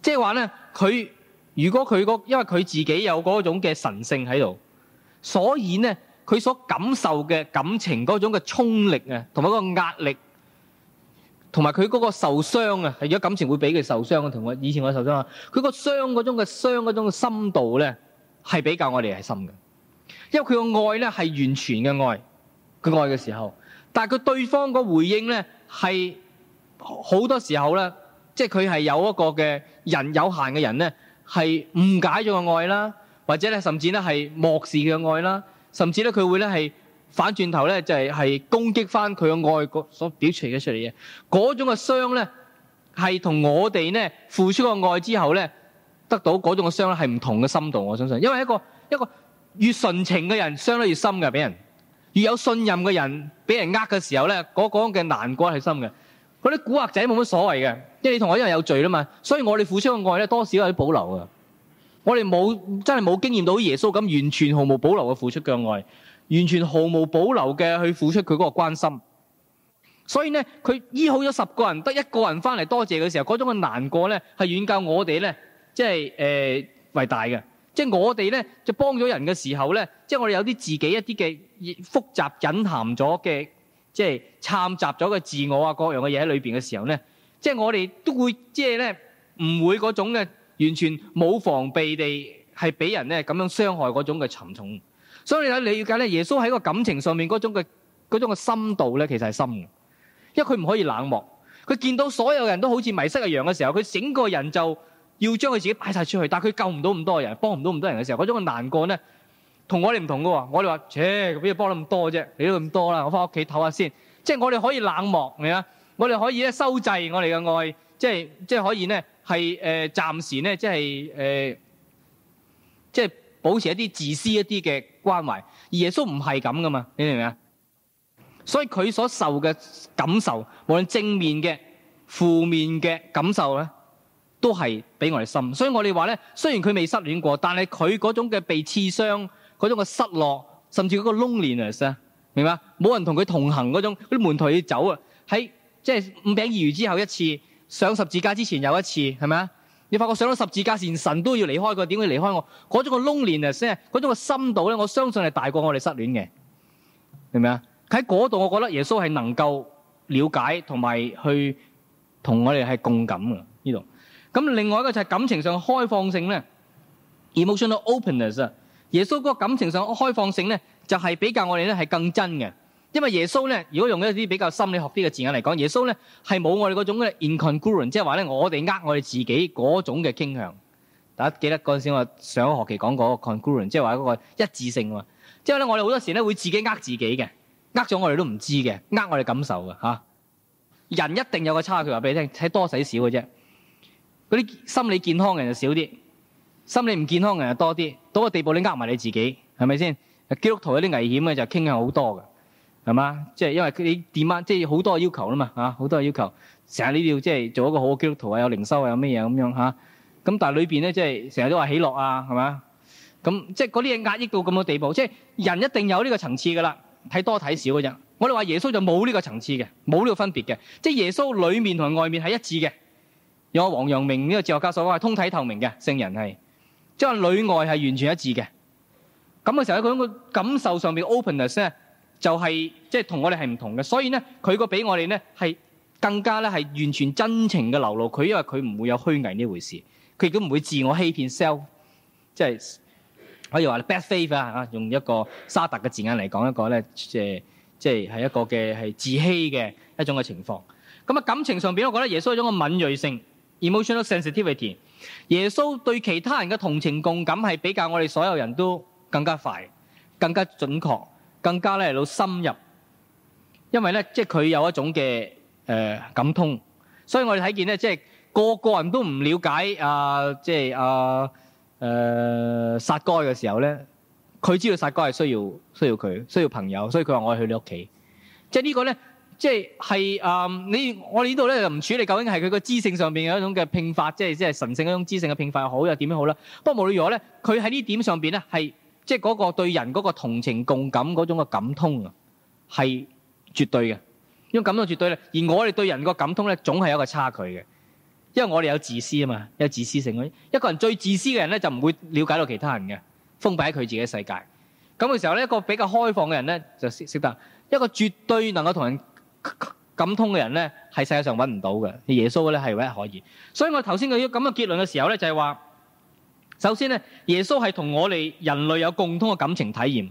即係話咧，佢如果佢個因為佢自己有嗰種嘅神性喺度，所以咧佢所感受嘅感情嗰種嘅衝力啊，同埋個壓力。同埋佢嗰個受傷啊，係如果感情會俾佢受傷嘅，同我以前我受傷啊，佢個傷嗰種嘅傷嗰種嘅深度咧，係比較我哋係深嘅，因為佢個愛咧係完全嘅愛，佢愛嘅時候，但係佢對方個回應咧係好多時候咧，即係佢係有一個嘅人有限嘅人咧，係誤解咗個愛啦，或者咧甚至咧係漠視佢嘅愛啦，甚至咧佢會咧係。反轉頭咧，就係係攻擊翻佢嘅愛國所表出嘅出嚟嘅，嗰種嘅傷咧，係同我哋咧付出個愛之後咧，得到嗰種嘅傷咧，係唔同嘅深度。我相信，因為一個一個越純情嘅人傷得越深嘅，俾人越有信任嘅人俾人呃嘅時候咧，嗰講嘅難過係深嘅。嗰啲蠱惑仔冇乜所謂嘅，因為你同我一樣有罪啦嘛，所以我哋付出嘅愛咧，多少有啲保留嘅。我哋冇真係冇經驗到耶穌咁完全毫無保留嘅付出嘅愛。完全毫無保留嘅去付出佢嗰個關心，所以咧佢醫好咗十個人，得一個人翻嚟多謝嘅時候，嗰種嘅難過咧係遠較我哋咧，即係誒、呃、為大嘅。即係我哋咧就幫咗人嘅時候咧，即係我哋有啲自己一啲嘅複雜隱含咗嘅，即係參雜咗嘅自我啊各樣嘅嘢喺裏面嘅時候咧，即係我哋都會即係咧唔會嗰種呢，完全冇防備地係俾人咧咁樣傷害嗰種嘅沉重。所以你睇你理解咧，耶穌喺個感情上面嗰種嘅嗰種嘅深度咧，其實係深嘅，因為佢唔可以冷漠。佢見到所有人都好似迷失嘅羊嘅時候，佢整個人就要將佢自己擺晒出去。但係佢救唔到咁多人，幫唔到咁多人嘅時候，嗰種嘅難過咧，我同我哋唔同嘅喎。我哋話，切，邊度幫得咁多啫？你都咁多啦，我翻屋企唞下先。即係我哋可以冷漠，你啊，我哋可以咧收制我哋嘅愛，即係即係可以咧係誒暫時咧即係誒、呃、即係。保持一啲自私一啲嘅關懷，而耶穌唔係咁噶嘛？你明唔明啊？所以佢所受嘅感受，無論正面嘅、負面嘅感受咧，都係俾我哋深。所以我哋話咧，雖然佢未失戀過，但係佢嗰種嘅被刺傷、嗰種嘅失落，甚至嗰個 loneliness 啊，明白嘛？冇人同佢同行嗰種，啲門徒要走啊。喺即係五餅二魚之後一次，上十字架之前又一次，係咪啊？你發覺上到十字架時，連神都要離開佢，點會離開我？嗰種個 loneliness 啊，即係嗰種個深度咧，我相信係大過我哋失戀嘅，明唔明啊？喺嗰度，我覺得耶穌係能夠了解同埋去同我哋係共感嘅呢度。咁另外一個就係感情上嘅開放性咧，emotional openness。耶穌嗰個感情上開放性咧，就係比較我哋咧係更真嘅。因為耶穌咧，如果用一啲比較心理學啲嘅字眼嚟講，耶穌咧係冇我哋嗰種咧 incongruent，即係話咧我哋呃我哋自己嗰種嘅傾向。大家記得嗰陣時我上個學期講過 congruent，即係話嗰個一致性啊嘛。之後咧我哋好多時咧會自己呃自己嘅，呃咗我哋都唔知嘅，呃我哋感受嘅。吓、啊。人一定有個差距，話俾你聽，睇多死少嘅啫。嗰啲心理健康嘅人就少啲，心理唔健康嘅人就多啲。到個地步你呃埋你自己，係咪先？基督徒有啲危險嘅就傾向好多嘅。係嘛？即係因為佢你點啊？即係好多要求啦嘛，吓，好多要求，成日呢啲要即係做一個好嘅基督徒啊，有靈修有啊，有咩嘢咁樣吓。咁但係裏邊咧，即係成日都話喜樂啊，係嘛？咁即係嗰啲嘢壓抑到咁嘅地步，即係人一定有呢個層次噶啦，睇多睇少嘅啫。我哋話耶穌就冇呢個層次嘅，冇呢個分別嘅，即係耶穌裏面同外面係一致嘅。有王陽明呢個哲學家所講，通體透明嘅聖人係，即係話裏外係完全一致嘅。咁嘅時候佢個感受上邊 openness 咧。就係即係同我哋係唔同嘅，所以咧佢個俾我哋咧係更加咧係完全真情嘅流露，佢因為佢唔會有虛偽呢回事，佢亦都唔會自我欺騙 self，即係可以話 bad faith 啊，用一個沙特嘅字眼嚟講一個咧，即係即係係一個嘅係自欺嘅一種嘅情況。咁啊感情上邊，我覺得耶穌一種嘅敏鋭性 emotional sensitivity，耶穌對其他人嘅同情共感係比較我哋所有人都更加快、更加準確。更加咧係到深入，因為咧即係佢有一種嘅誒感通，所以我哋睇見咧即係個個人都唔了解啊，即係啊誒撒該嘅時候咧，佢知道撒該係需要需要佢需要朋友，所以佢話我去你屋企，即係呢個咧即係係啊你我哋呢度咧就唔處理究竟係佢個知性上邊嘅一種嘅拼發，即係即係神聖嗰種知性嘅拼發又好又點樣好啦。不過無論如何咧，佢喺呢點上邊咧係。即係嗰個對人嗰個同情共感嗰種嘅感通啊，係絕對嘅，因為感通絕對咧。而我哋對人個感通咧，總係有一個差距嘅，因為我哋有自私啊嘛，有自私性。一個人最自私嘅人咧，就唔會瞭解到其他人嘅，封閉喺佢自己世界。咁嘅時候咧，一個比較開放嘅人咧，就識識得一個絕對能夠同人感通嘅人咧，係世界上搵唔到嘅。耶穌咧係唯一可以。所以我頭先嘅咁嘅結論嘅時候咧，就係話。首先咧，耶穌係同我哋人類有共通嘅感情體驗。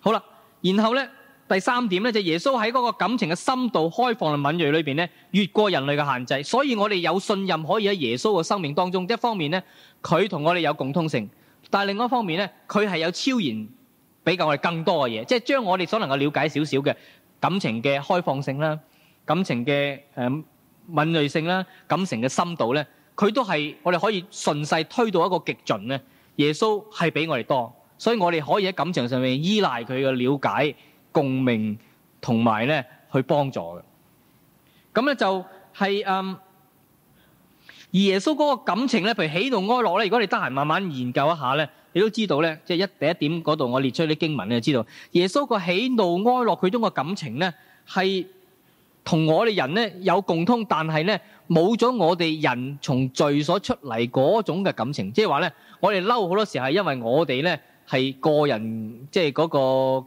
好啦，然後咧，第三點咧，就係耶穌喺嗰個感情嘅深度、開放同敏鋭裏邊咧，越過人類嘅限制。所以我哋有信任可以喺耶穌嘅生命當中。一方面咧，佢同我哋有共通性；但係另外一方面咧，佢係有超然，比較我哋更多嘅嘢。即係將我哋所能夠瞭解少少嘅感情嘅開放性啦、感情嘅誒敏鋭性啦、感情嘅深度咧。佢都係我哋可以順勢推到一個極盡咧。耶穌係比我哋多，所以我哋可以喺感情上面依賴佢嘅了解、共鳴同埋咧去幫助嘅。咁咧就係、是、嗯，而耶穌嗰個感情咧，譬如喜怒哀樂咧，如果你得閒慢慢研究一下咧，你都知道咧，即係一第一點嗰度我列出啲經文，你就知道耶穌個喜怒哀樂，佢中個感情咧係。同我哋人咧有共通，但係咧冇咗我哋人從罪所出嚟嗰種嘅感情。即係話咧，我哋嬲好多時係因為我哋咧係個人即係嗰個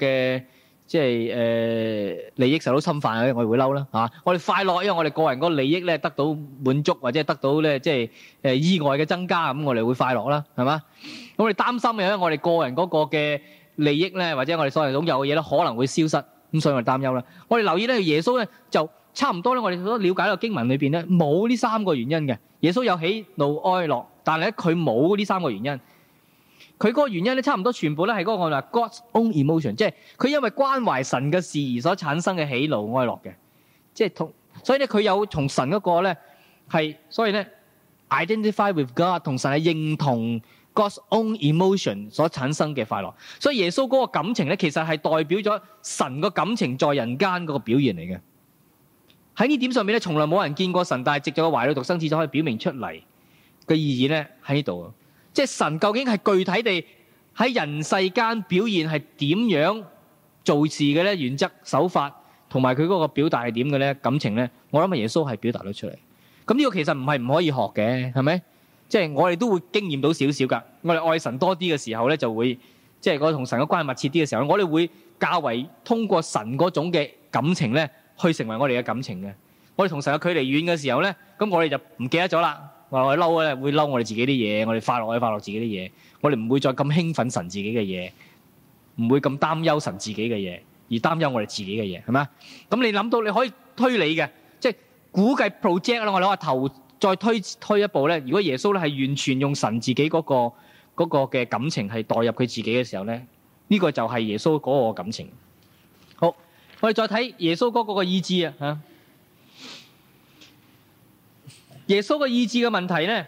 嘅即係誒利益受到侵犯，我哋會嬲啦，嚇！我哋快樂，因為我哋個人嗰個利益咧得到滿足，或者得到咧即係誒意外嘅增加，咁我哋會快樂啦，係嘛？咁我哋擔心係因為我哋個人嗰個嘅利益咧，或者我哋所謂擁有嘅嘢咧，可能會消失。咁所以咪擔憂啦。我哋留意咧，耶穌咧就差唔多咧。我哋都了解到經文裏邊咧冇呢三個原因嘅。耶穌有喜怒哀樂，但係咧佢冇呢三個原因。佢個原因咧，差唔多全部咧係嗰個我哋話 God's own emotion，即係佢因為關懷神嘅事而所產生嘅喜怒哀樂嘅。即係同，所以咧佢有同神嗰個咧係，所以咧 identify with God，同神係認同。God's own emotion 所產生嘅快樂，所以耶穌嗰個感情咧，其實係代表咗神個感情在人間嗰個表現嚟嘅。喺呢點上面咧，從來冇人見過神，但係藉住個懷女獨生子就可以表明出嚟嘅意義咧喺呢度。即係神究竟係具體地喺人世間表現係點樣做事嘅咧？原則、手法同埋佢嗰個表達係點嘅咧？感情咧，我諗啊耶穌係表達到出嚟。咁呢個其實唔係唔可以學嘅，係咪？即係我哋都會經驗到少少㗎。我哋愛神多啲嘅時候呢，就會即係我同神嘅關係密切啲嘅時候，我哋會較為通過神嗰種嘅感情呢去成為我哋嘅感情嘅。我哋同神嘅距離遠嘅時候呢，咁我哋就唔記得咗啦。我哋嬲咧，會嬲我哋自己啲嘢，我哋快樂，我哋快樂自己啲嘢，我哋唔會再咁興奮神自己嘅嘢，唔會咁擔憂神自己嘅嘢，而擔憂我哋自己嘅嘢係咪？咁你諗到你可以推理嘅，即係估計 project 我哋再推推一步咧，如果耶穌咧係完全用神自己嗰、嗰個、嗰個嘅感情係代入佢自己嘅時候咧，呢、呢個就係耶穌嗰個感情。好，我哋再睇耶穌嗰個的意志啊吓。耶穌個意志嘅問題咧，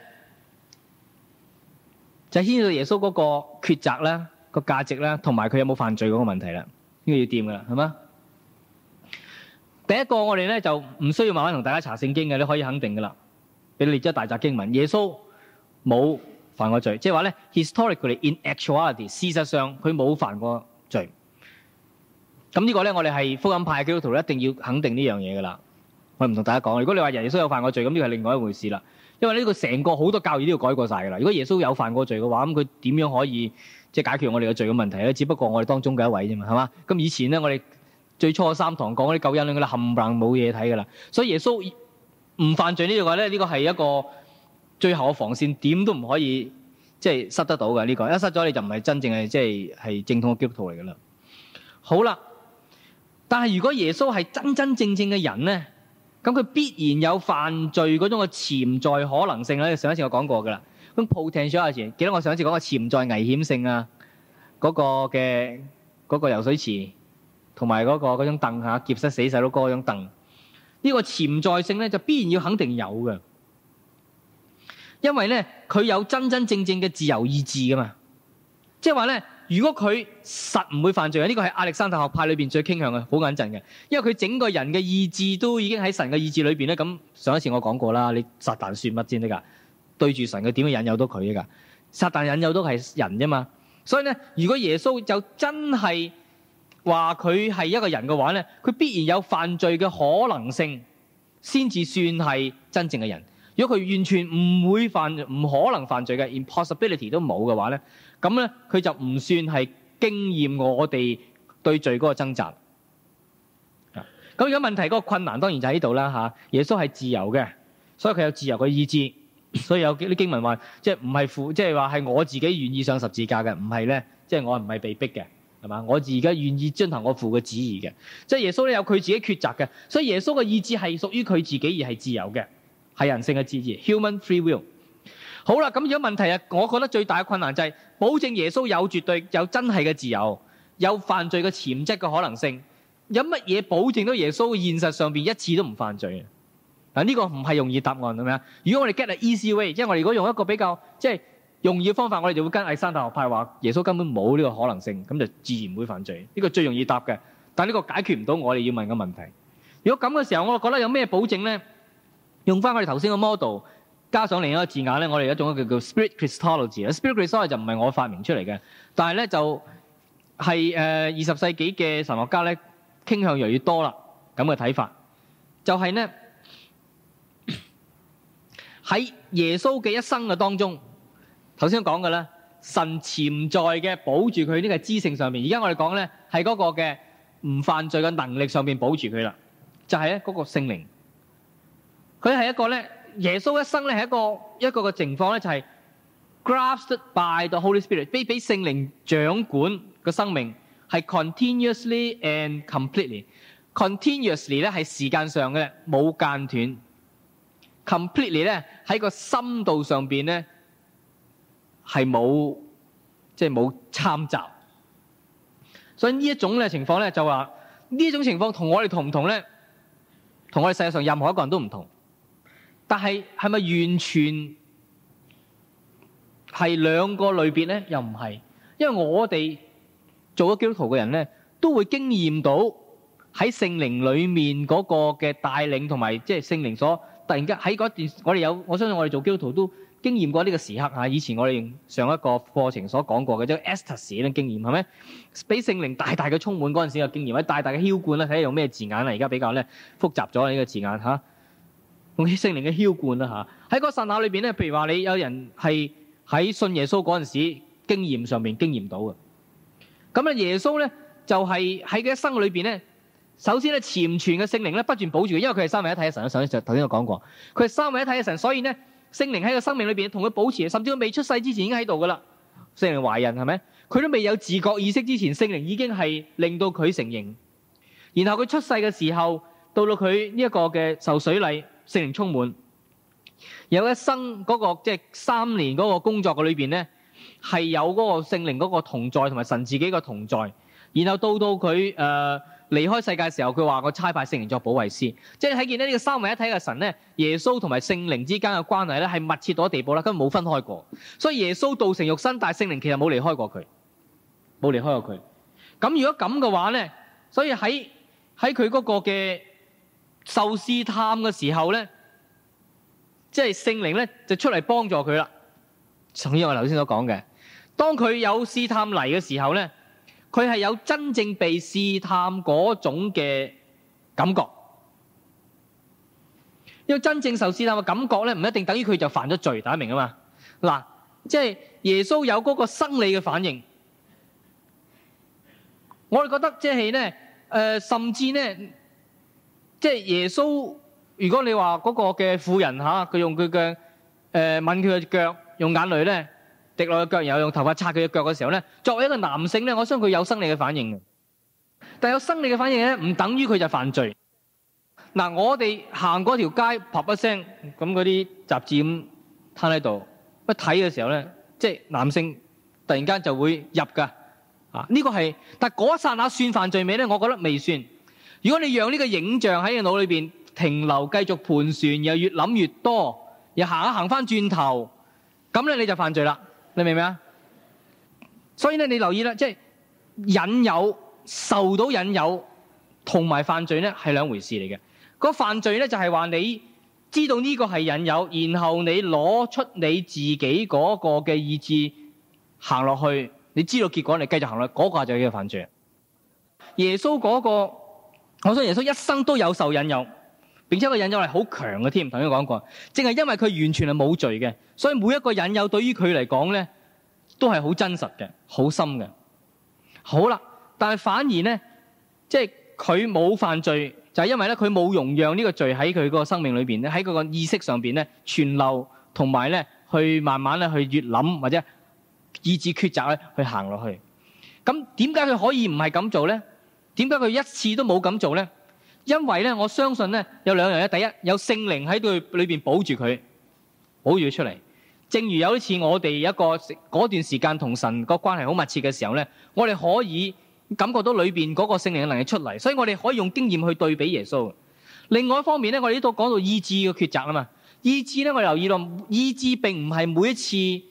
就是、牽涉到耶穌嗰個抉擇啦、個價值啦，同埋佢有冇犯罪嗰個問題啦。呢、呢個要掂噶啦，係嘛？第一個我哋咧就唔需要慢慢同大家查聖經嘅，你可以肯定噶啦。俾你即係大集經文，耶穌冇犯過罪，即係話咧 historically in actuality，事實上佢冇犯過罪。咁呢個咧，我哋係福音派基督徒一定要肯定呢樣嘢噶啦。我唔同大家講，如果你話耶穌有犯過罪，咁呢個係另外一回事啦。因為呢個成個好多教義都要改過晒噶啦。如果耶穌有犯過罪嘅話，咁佢點樣可以即係、就是、解決我哋嘅罪嘅問題咧？只不過我哋當中嘅一位啫嘛，係嘛？咁以前咧，我哋最初三堂講嗰啲舊約啦，冚唪唥冇嘢睇噶啦。所以耶穌唔犯罪個呢、呢個咧，呢個係一個最後嘅防線，點都唔可以即係失得到嘅呢、呢個。一失咗你就唔係真正嘅即係正統嘅基督徒嚟㗎啦。好啦，但係如果耶穌係真真正正嘅人咧，咁佢必然有犯罪嗰種嘅潛在可能性咧。上一次我講過噶啦，咁 potential 下前記得我上一次講個潛在危險性啊，嗰、嗰個嘅嗰、嗰個游水池同埋嗰個嗰種凳嚇，劫失死細佬哥嗰種凳。呢個潛在性咧，就必然要肯定有嘅，因為咧佢有真真正正嘅自由意志噶嘛，即係話咧，如果佢實唔會犯罪嘅，呢個係亞歷山大學派裏面最傾向嘅，好穩陣嘅，因為佢整個人嘅意志都已經喺神嘅意志裏邊咧。咁上一次我講過啦，你撒旦算乜先得㗎？對住神佢點會引誘到佢㗎？撒旦引誘都係人啫嘛，所以咧，如果耶穌就真係。話佢係一個人嘅話呢，佢必然有犯罪嘅可能性，先至算係真正嘅人。如果佢完全唔會犯，唔可能犯罪嘅，impossibility 都冇嘅話呢，咁呢，佢就唔算係經驗我哋對罪嗰個掙扎。咁如果問題嗰個困難當然就喺度啦吓，耶穌係自由嘅，所以佢有自由嘅意志，所以有啲經文話，即係唔係負，即係話係我自己願意上十字架嘅，唔係呢，即係我唔係被逼嘅。係嘛？我而家願意遵行我父嘅旨意嘅，即、就、係、是、耶穌咧有佢自己抉擇嘅，所以耶穌嘅意志係屬於佢自己而係自由嘅，係人性嘅意志 （human free will） 好。好啦，咁有問問題我覺得最大嘅困難就係保證耶穌有絕對有真係嘅自由，有犯罪嘅潛質嘅可能性，有乜嘢保證到耶穌現實上面一次都唔犯罪啊？嗱、這、呢個唔係容易答案咁咩？如果我哋 get an easy way，即係我哋如果用一個比較即係。用易嘅方法，我哋就會跟亞歷山大學派話耶穌根本冇呢個可能性，咁就自然會犯罪。呢、這個最容易答嘅，但呢個解決唔到我哋要問嘅問題。如果咁嘅時候，我哋覺得有咩保證咧？用翻我哋頭先嘅 model，加上另一個字眼咧，我哋有一種叫叫 Spirit Christology Spirit Christology 就唔係我發明出嚟嘅，但係咧就係誒二十世紀嘅神學家咧傾向越來越多啦。咁嘅睇法就係、是、呢喺耶穌嘅一生嘅當中。頭先講嘅咧，神潛在嘅保住佢呢個知性上面。而家我哋講咧，係嗰個嘅唔犯罪嘅能力上面保住佢啦。就係咧嗰個聖靈，佢係一個咧，耶穌一生咧係一個一個嘅情況咧，就係 grasped by the Holy Spirit，俾俾聖靈掌管個生命，係 continuously and completely。continuously 咧係時間上嘅，冇間斷；completely 咧喺個深度上面咧。係冇，即係冇參雜，所以呢一種咧情況咧就話，呢一種情況同我哋同唔同咧？同我哋世界上任何一個人都唔同，但係係咪完全係兩個類別咧？又唔係，因為我哋做咗基督徒嘅人咧，都會經驗到喺聖靈裏面嗰個嘅帶領同埋，即係聖靈所突然間喺嗰段，我哋有我相信我哋做基督徒都。經驗過呢個時刻吓、啊，以前我哋上一個課程所講過嘅，即、這、estasis、個、經驗係咪？俾聖靈大大嘅充滿嗰陣時嘅經驗，或者大大嘅澆灌啦，睇下，用咩字眼啦。而家比較咧複雜咗呢、這個字眼吓、啊，用啲聖靈嘅澆灌啦吓。喺、啊、個剎那裏邊咧，譬如話你有人係喺信耶穌嗰陣時經驗上面經驗到嘅，咁啊耶穌咧就係喺佢一生裏邊咧，首先咧潛存嘅聖靈咧不斷保住，嘅因為佢係三位一體嘅神，上上頭先我講過，佢係三位一體嘅神，所以咧。聖靈喺個生命裏邊同佢保持，甚至佢未出世之前已經喺度噶啦。聖靈懷孕係咪？佢都未有自覺意識之前，聖靈已經係令到佢成形。然後佢出世嘅時候，到到佢呢一個嘅受水禮，聖靈充滿。有一生嗰、那個即係、就是、三年嗰個工作嘅裏邊咧，係有嗰個聖靈嗰個同在，同埋神自己嘅同在。然後到到佢誒。呃離開世界時候，佢話個差派聖靈作保衛師，即係睇見呢呢個三位一體嘅神咧，耶穌同埋聖靈之間嘅關係咧係密切到地步啦，根本冇分開過。所以耶穌道成肉身，但係聖靈其實冇離開過佢，冇離開過佢。咁如果咁嘅話咧，所以喺喺佢嗰個嘅受試探嘅時候咧，即係聖靈咧就出嚟幫助佢啦。正如我頭先所講嘅，當佢有試探嚟嘅時候咧。佢係有真正被試探嗰種嘅感覺，因為真正受試探嘅感覺咧，唔一定等於佢就犯咗罪，大家明啊嘛？嗱，即係耶穌有嗰個生理嘅反應，我哋覺得即係咧，誒，甚至咧，即係耶穌，如果你話嗰個嘅婦人吓，佢用佢嘅誒吻佢嘅腳，用眼淚咧。滴落佢腳，然後用頭髮擦佢嘅腳嘅時候咧，作為一個男性咧，我相信佢有生理嘅反應嘅。但有生理嘅反應咧，唔等於佢就犯罪。嗱、啊，我哋行嗰條街，啪一聲咁嗰啲雜誌攤喺度，一睇嘅時候咧，即係男性突然間就會入噶。啊，呢、這個係，但嗰一剎那算犯罪未咧？我覺得未算。如果你讓呢個影像喺你腦裏邊停留，繼續盤旋，又越諗越多，又行一行翻轉頭，咁咧你就犯罪啦。你明唔明啊？所以咧，你留意啦，即係引誘，受到引誘同埋犯罪咧係兩回事嚟嘅。個犯罪咧就係話你知道呢個係引誘，然後你攞出你自己嗰個嘅意志行落去，你知道結果你繼續行落，嗰個就叫做犯罪。耶穌嗰個，我相信耶穌一生都有受引誘。並且個引誘係好強嘅添，同你講過，正係因為佢完全係冇罪嘅，所以每一個引誘對於佢嚟講咧，都係好真實嘅、好深嘅。好啦，但係反而咧，即係佢冇犯罪，就係、是、因為咧佢冇容讓呢個罪喺佢個生命裏邊咧，喺佢個意識上邊咧，存留同埋咧，去慢慢咧去越諗或者意志抉擇咧，去行落去。咁點解佢可以唔係咁做咧？點解佢一次都冇咁做咧？因為咧，我相信咧，有兩樣嘢，第一，有聖靈喺佢裏邊保住佢，保住佢出嚟。正如有一次我哋一個嗰段時間同神個關係好密切嘅時候咧，我哋可以感覺到裏邊嗰個聖靈嘅能力出嚟，所以我哋可以用經驗去對比耶穌。另外一方面咧，我哋呢度講到意志嘅抉擇啊嘛，意志咧，我留意到意志並唔係每一次，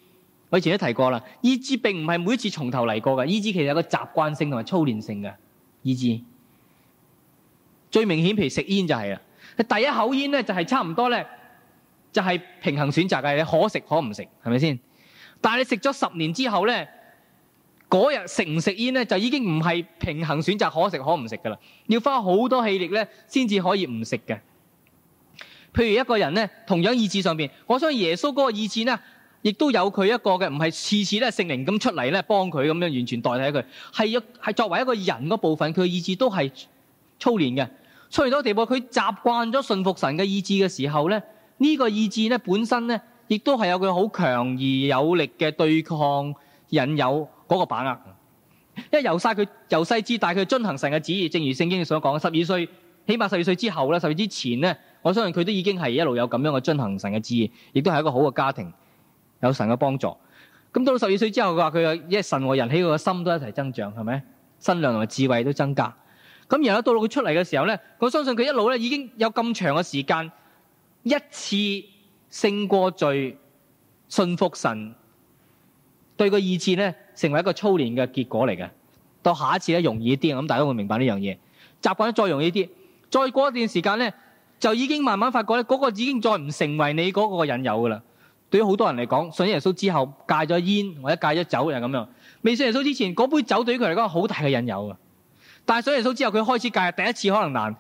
我以前都提過啦，意志並唔係每一次從頭嚟過嘅，意志其實有個習慣性同埋操練性嘅意志。最明顯，譬如食煙就係啦。第一口煙咧，就係差唔多咧，就係平衡選擇嘅，你可食可唔食，係咪先？但係你食咗十年之後咧，嗰日食唔食煙咧，就已經唔係平衡選擇，可食可唔食㗎啦。要花好多氣力咧，先至可以唔食嘅。譬如一個人咧，同樣意志上面，我相信耶穌嗰個意志咧，亦都有佢一個嘅，唔係次次咧聖靈咁出嚟咧幫佢咁樣完全代替佢，係要係作為一個人嗰部分，佢意志都係。操練嘅，操練到個地步，佢習慣咗順服神嘅意志嘅時候咧，呢、這個意志咧本身咧，亦都係有佢好強而有力嘅對抗引誘嗰個把握。因為由細佢由細至大，佢遵行神嘅旨意，正如聖經裏所講，十二歲，起碼十二歲之後咧，十二之前咧，我相信佢都已經係一路有咁樣嘅遵行神嘅旨意，亦都係一個好嘅家庭，有神嘅幫助。咁到到十二歲之後嘅話，佢嘅因為神和人喺佢嘅心都一齊增長，係咪？身量同埋智慧都增加。咁然後到到佢出嚟嘅時候呢，我相信佢一路呢已經有咁長嘅時間，一次勝過罪、信服神，對佢二次呢成為一個操練嘅結果嚟嘅。到下一次呢，容易啲，咁大家都會明白呢樣嘢，習慣再容易啲，再過一段時間呢，就已經慢慢發覺呢嗰個已經再唔成為你嗰個引誘噶啦。對於好多人嚟講，信耶穌之後戒咗煙或者戒咗酒又係咁樣，未信耶穌之前嗰杯酒對於佢嚟講係好大嘅引誘噶。帶上耶穌之後，佢開始戒，第一次可能難，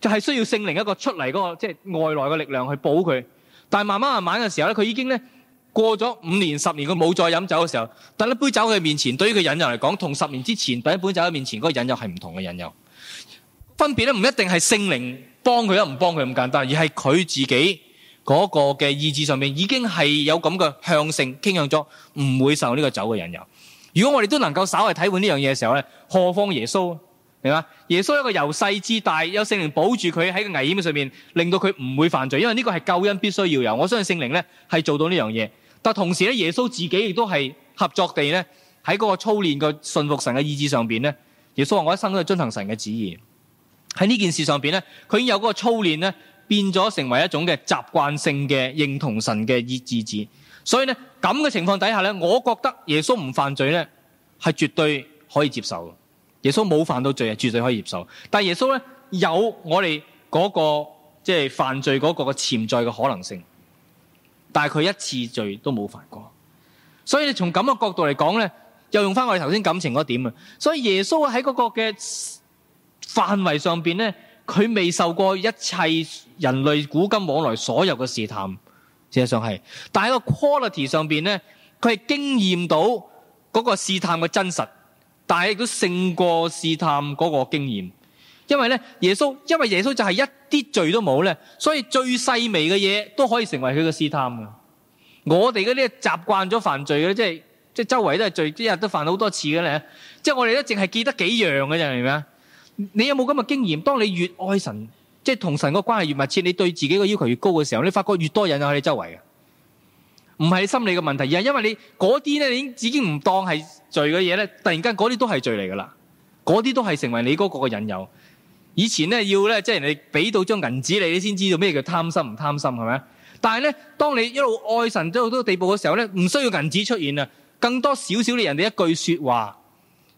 就係、是、需要聖靈一個出嚟嗰、那個即係、就是、外來嘅力量去保佢。但係慢慢慢慢嘅時候咧，佢已經咧過咗五年十年，佢冇再飲酒嘅時候，第一杯酒喺佢面前，對於佢引誘嚟講，同十年之前第一杯酒喺面前嗰、那個引誘係唔同嘅引誘。分別咧唔一定係聖靈幫佢啊唔幫佢咁簡單，而係佢自己嗰個嘅意志上面已經係有咁嘅向性傾向咗，唔會受呢個酒嘅引誘。如果我哋都能夠稍為體會呢樣嘢嘅時候咧，何況耶穌？明嗎？耶穌一個由細至大有聖靈保住佢喺個危險嘅上面，令到佢唔會犯罪，因為呢個係救恩必須要有。我相信聖靈咧係做到呢樣嘢，但同時咧耶穌自己亦都係合作地咧喺嗰個操練嘅信服神嘅意志上邊咧。耶穌話：我一生都係遵行神嘅旨意。喺呢件事上邊咧，佢已經有嗰個操練咧變咗成為一種嘅習慣性嘅認同神嘅意志。所以咧咁嘅情況底下咧，我覺得耶穌唔犯罪咧係絕對可以接受。耶穌冇犯到罪啊，絕對可以接受。但係耶穌咧有我哋嗰、那個即係、就是、犯罪嗰個個潛在嘅可能性，但係佢一次罪都冇犯過。所以從咁嘅角度嚟講咧，又用翻我哋頭先感情嗰一點啊。所以耶穌喺嗰個嘅範圍上邊咧，佢未受過一切人類古今往來所有嘅試探，事實際上係。但係個 quality 上邊咧，佢係經驗到嗰個試探嘅真實。但係亦都勝過試探嗰個經驗，因為咧耶穌，因為耶穌就係一啲罪都冇咧，所以最細微嘅嘢，都可以成為佢嘅試探嘅。我哋嗰啲習慣咗犯罪嘅，即係即係周圍都係罪，一日都犯好多次嘅咧。即係我哋呢，淨係記得幾樣嘅啫，明唔明啊？你有冇咁嘅經驗？當你越愛神，即係同神個關係越密切，你對自己嘅要求越高嘅時候，你發覺越多人喺你周圍嘅，唔係心理嘅問題，而係因為你嗰啲咧已經已經唔當係。罪嘅嘢咧，突然間嗰啲都係罪嚟噶啦，嗰啲都係成為你嗰個嘅引誘。以前咧要咧，即係人哋俾到張銀紙你，你先知道咩叫貪心唔貪心係咪？但係咧，當你一路愛神到好多地步嘅時候咧，唔需要銀紙出現啊，更多少少你人哋一句說話，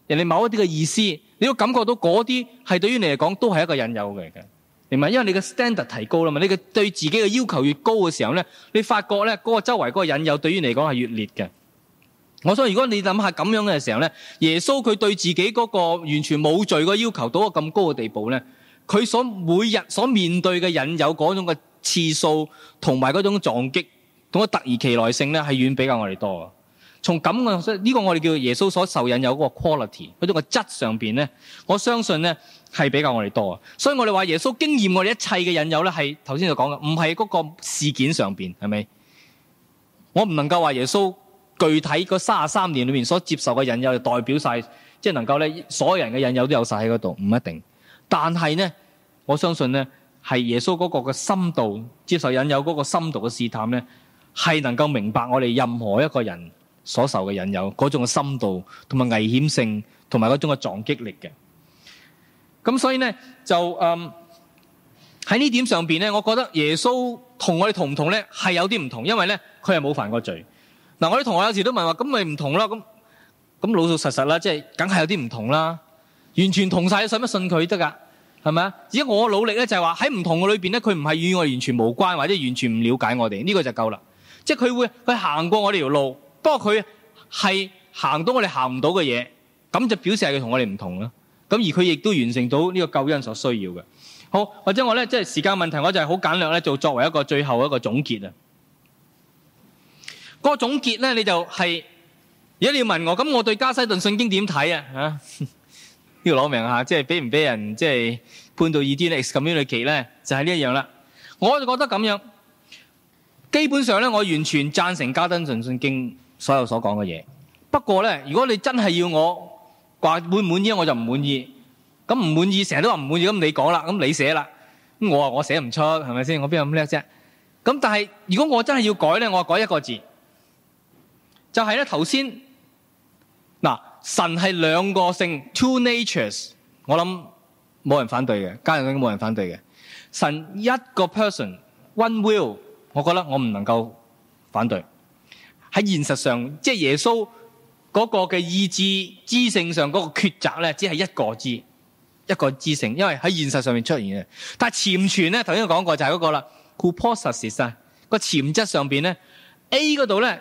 人哋某一啲嘅意思，你都感覺到嗰啲係對於你嚟講都係一個引誘嘅，明唔明？因為你嘅 standard 提高啦嘛，你嘅對自己嘅要求越高嘅時候咧，你發覺咧嗰個周圍嗰個引誘對於你嚟講係越烈嘅。我想如果你諗下咁樣嘅時候咧，耶穌佢對自己嗰個完全冇罪嘅要求到咗咁高嘅地步咧，佢所每日所面對嘅引誘嗰種嘅次數，同埋嗰種撞擊，同嘅突如其來性咧，係遠比較我哋多。從咁嘅呢個我哋叫耶穌所受引誘嗰個 quality，嗰種嘅質上邊咧，我相信咧係比較我哋多。所以我哋話耶穌經驗我哋一切嘅引誘咧，係頭先就講嘅，唔係嗰個事件上邊，係咪？我唔能夠話耶穌。具體嗰三十三年裏面所接受嘅引誘，就代表晒，即係能夠呢所有人嘅引誘都有晒喺嗰度，唔一定。但係呢，我相信呢，係耶穌嗰個嘅深度接受引誘嗰個深度嘅試探呢係能夠明白我哋任何一個人所受嘅引誘，嗰種嘅深度同埋危險性，同埋嗰種嘅撞擊力嘅。咁所以呢，就嗯喺呢點上邊呢，我覺得耶穌同我哋同唔同呢，係有啲唔同，因為呢，佢係冇犯過罪。嗱、啊，我啲同學有時都問話，咁咪唔同啦？咁咁老老實實啦，即係梗係有啲唔同啦，完全同晒，使乜信佢得噶？係咪啊？而家我努力咧，就係話喺唔同嘅裏面咧，佢唔係與我完全無關，或者完全唔了解我哋，呢個就夠啦。即係佢會佢行過我哋條路，不過佢係行到我哋行唔到嘅嘢，咁就表示係佢同我哋唔同啦。咁而佢亦都完成到呢個救恩所需要嘅。好，或者我咧即係時間問題，我就係好簡略咧就作為一個最後一個總結啊。個總結咧，你就係如果你要問我，咁我對加西頓信經點睇啊？嚇， 要攞命下，即係俾唔俾人即係判到伊 d x 咁樣去期咧？就係呢一樣啦。我就覺得咁樣，基本上咧，我完全贊成加登頓信經所有所講嘅嘢。不過咧，如果你真係要我話滿唔滿意，我就唔滿意。咁唔滿意成日都話唔滿意，咁你講啦，咁你寫啦。咁我話，我寫唔出，係咪先？我邊有咁叻啫？咁但係如果我真係要改咧，我話改一個字。就係咧，頭先嗱，神係兩個性 （two natures），我諗冇人反對嘅，家人都冇人反對嘅。神一個 person，one will，我覺得我唔能夠反對。喺現實上，即係耶穌嗰個嘅意志、知性上嗰個抉擇咧，只係一個知一個知性，因為喺現實上面出現嘅。但係潛存咧，頭先講過就係嗰個啦 cooperates 嘅個潛質上面咧，A 嗰度咧。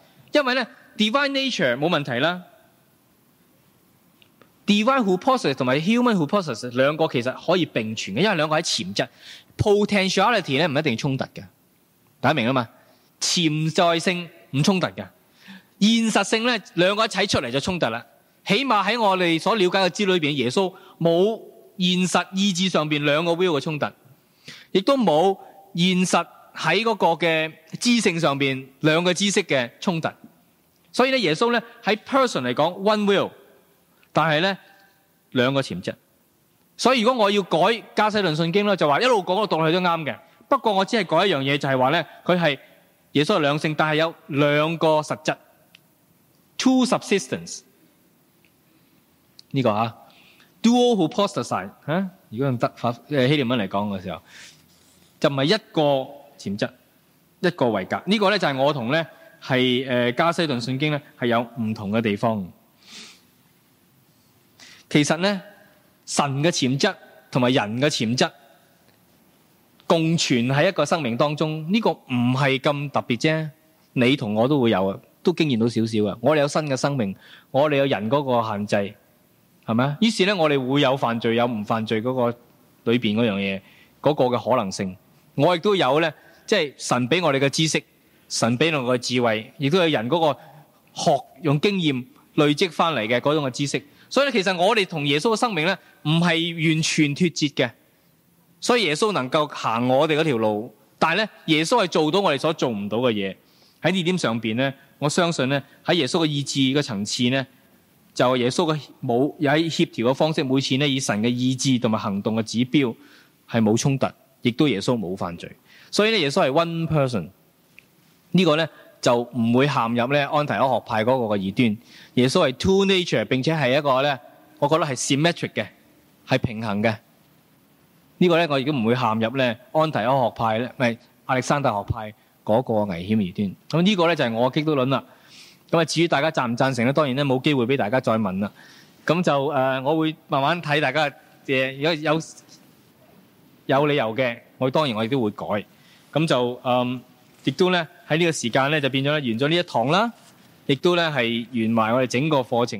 因為咧，divine nature 冇問題啦，divine who possesses 同埋 human who possesses 兩個其實可以並存嘅，因為兩個喺潛質 potentiality 咧唔一定衝突嘅，大家明啊嘛？潛在性唔衝突嘅，現實性咧兩個一齊出嚟就衝突啦。起碼喺我哋所了解嘅資料裏邊，耶穌冇現實意志上邊兩個 will 嘅衝突，亦都冇現實。喺嗰個嘅知性上邊，兩個知識嘅衝突，所以咧耶穌咧喺 person 嚟講 one will，但係咧兩個潛質，所以如果我要改加西頓信經咧，就話一路講到讀落去都啱嘅，不過我只係改一樣嘢，就係話咧佢係耶穌係兩性，但係有兩個實質 two subsistence 呢個啊 duo hypostasis 吓，如果用德法希利文嚟講嘅時候，就唔係一個。潛質一個位格呢，這個呢就係我同呢，係誒、呃、加西頓信經呢，係有唔同嘅地方的。其實呢，神嘅潛質同埋人嘅潛質共存喺一個生命當中呢，這個唔係咁特別啫。你同我都會有，都經驗到少少噶。我哋有新嘅生命，我哋有人嗰個限制係咪啊？於是，是呢，我哋會有犯罪有唔犯罪嗰，那個裏邊嗰樣嘢嗰個嘅、那個、可能性，我亦都有呢。即係神俾我哋嘅知識，神俾我哋嘅智慧，亦都有人嗰個學用經驗累積翻嚟嘅嗰種嘅知識。所以其實我哋同耶穌嘅生命咧，唔係完全脫節嘅。所以耶穌能夠行我哋嗰條路，但係咧耶穌係做到我哋所做唔到嘅嘢，喺呢點上邊咧。我相信咧喺耶穌嘅意志嘅層次咧，就耶穌嘅冇有喺協調嘅方式，每次咧以神嘅意志同埋行動嘅指標係冇衝突，亦都耶穌冇犯罪。所以咧，耶穌係 One Person，呢個咧就唔會陷入咧安提阿學派嗰個嘅異端。耶穌係 Two Nature，並且係一個咧，我覺得係 symmetric 嘅，係平衡嘅。呢、這個咧，我亦都唔會陷入咧安提阿學派咧，唔係亞歷山大學派嗰個危險異端。咁呢個咧就係我嘅基督論啦。咁啊，至於大家贊唔贊成咧，當然咧冇機會俾大家再問啦。咁就誒、呃，我會慢慢睇大家如果有有理由嘅，我當然我亦都會改。咁就嗯，亦都咧喺呢個時間咧就變咗咧完咗呢一堂啦，亦都咧係完埋我哋整個課程。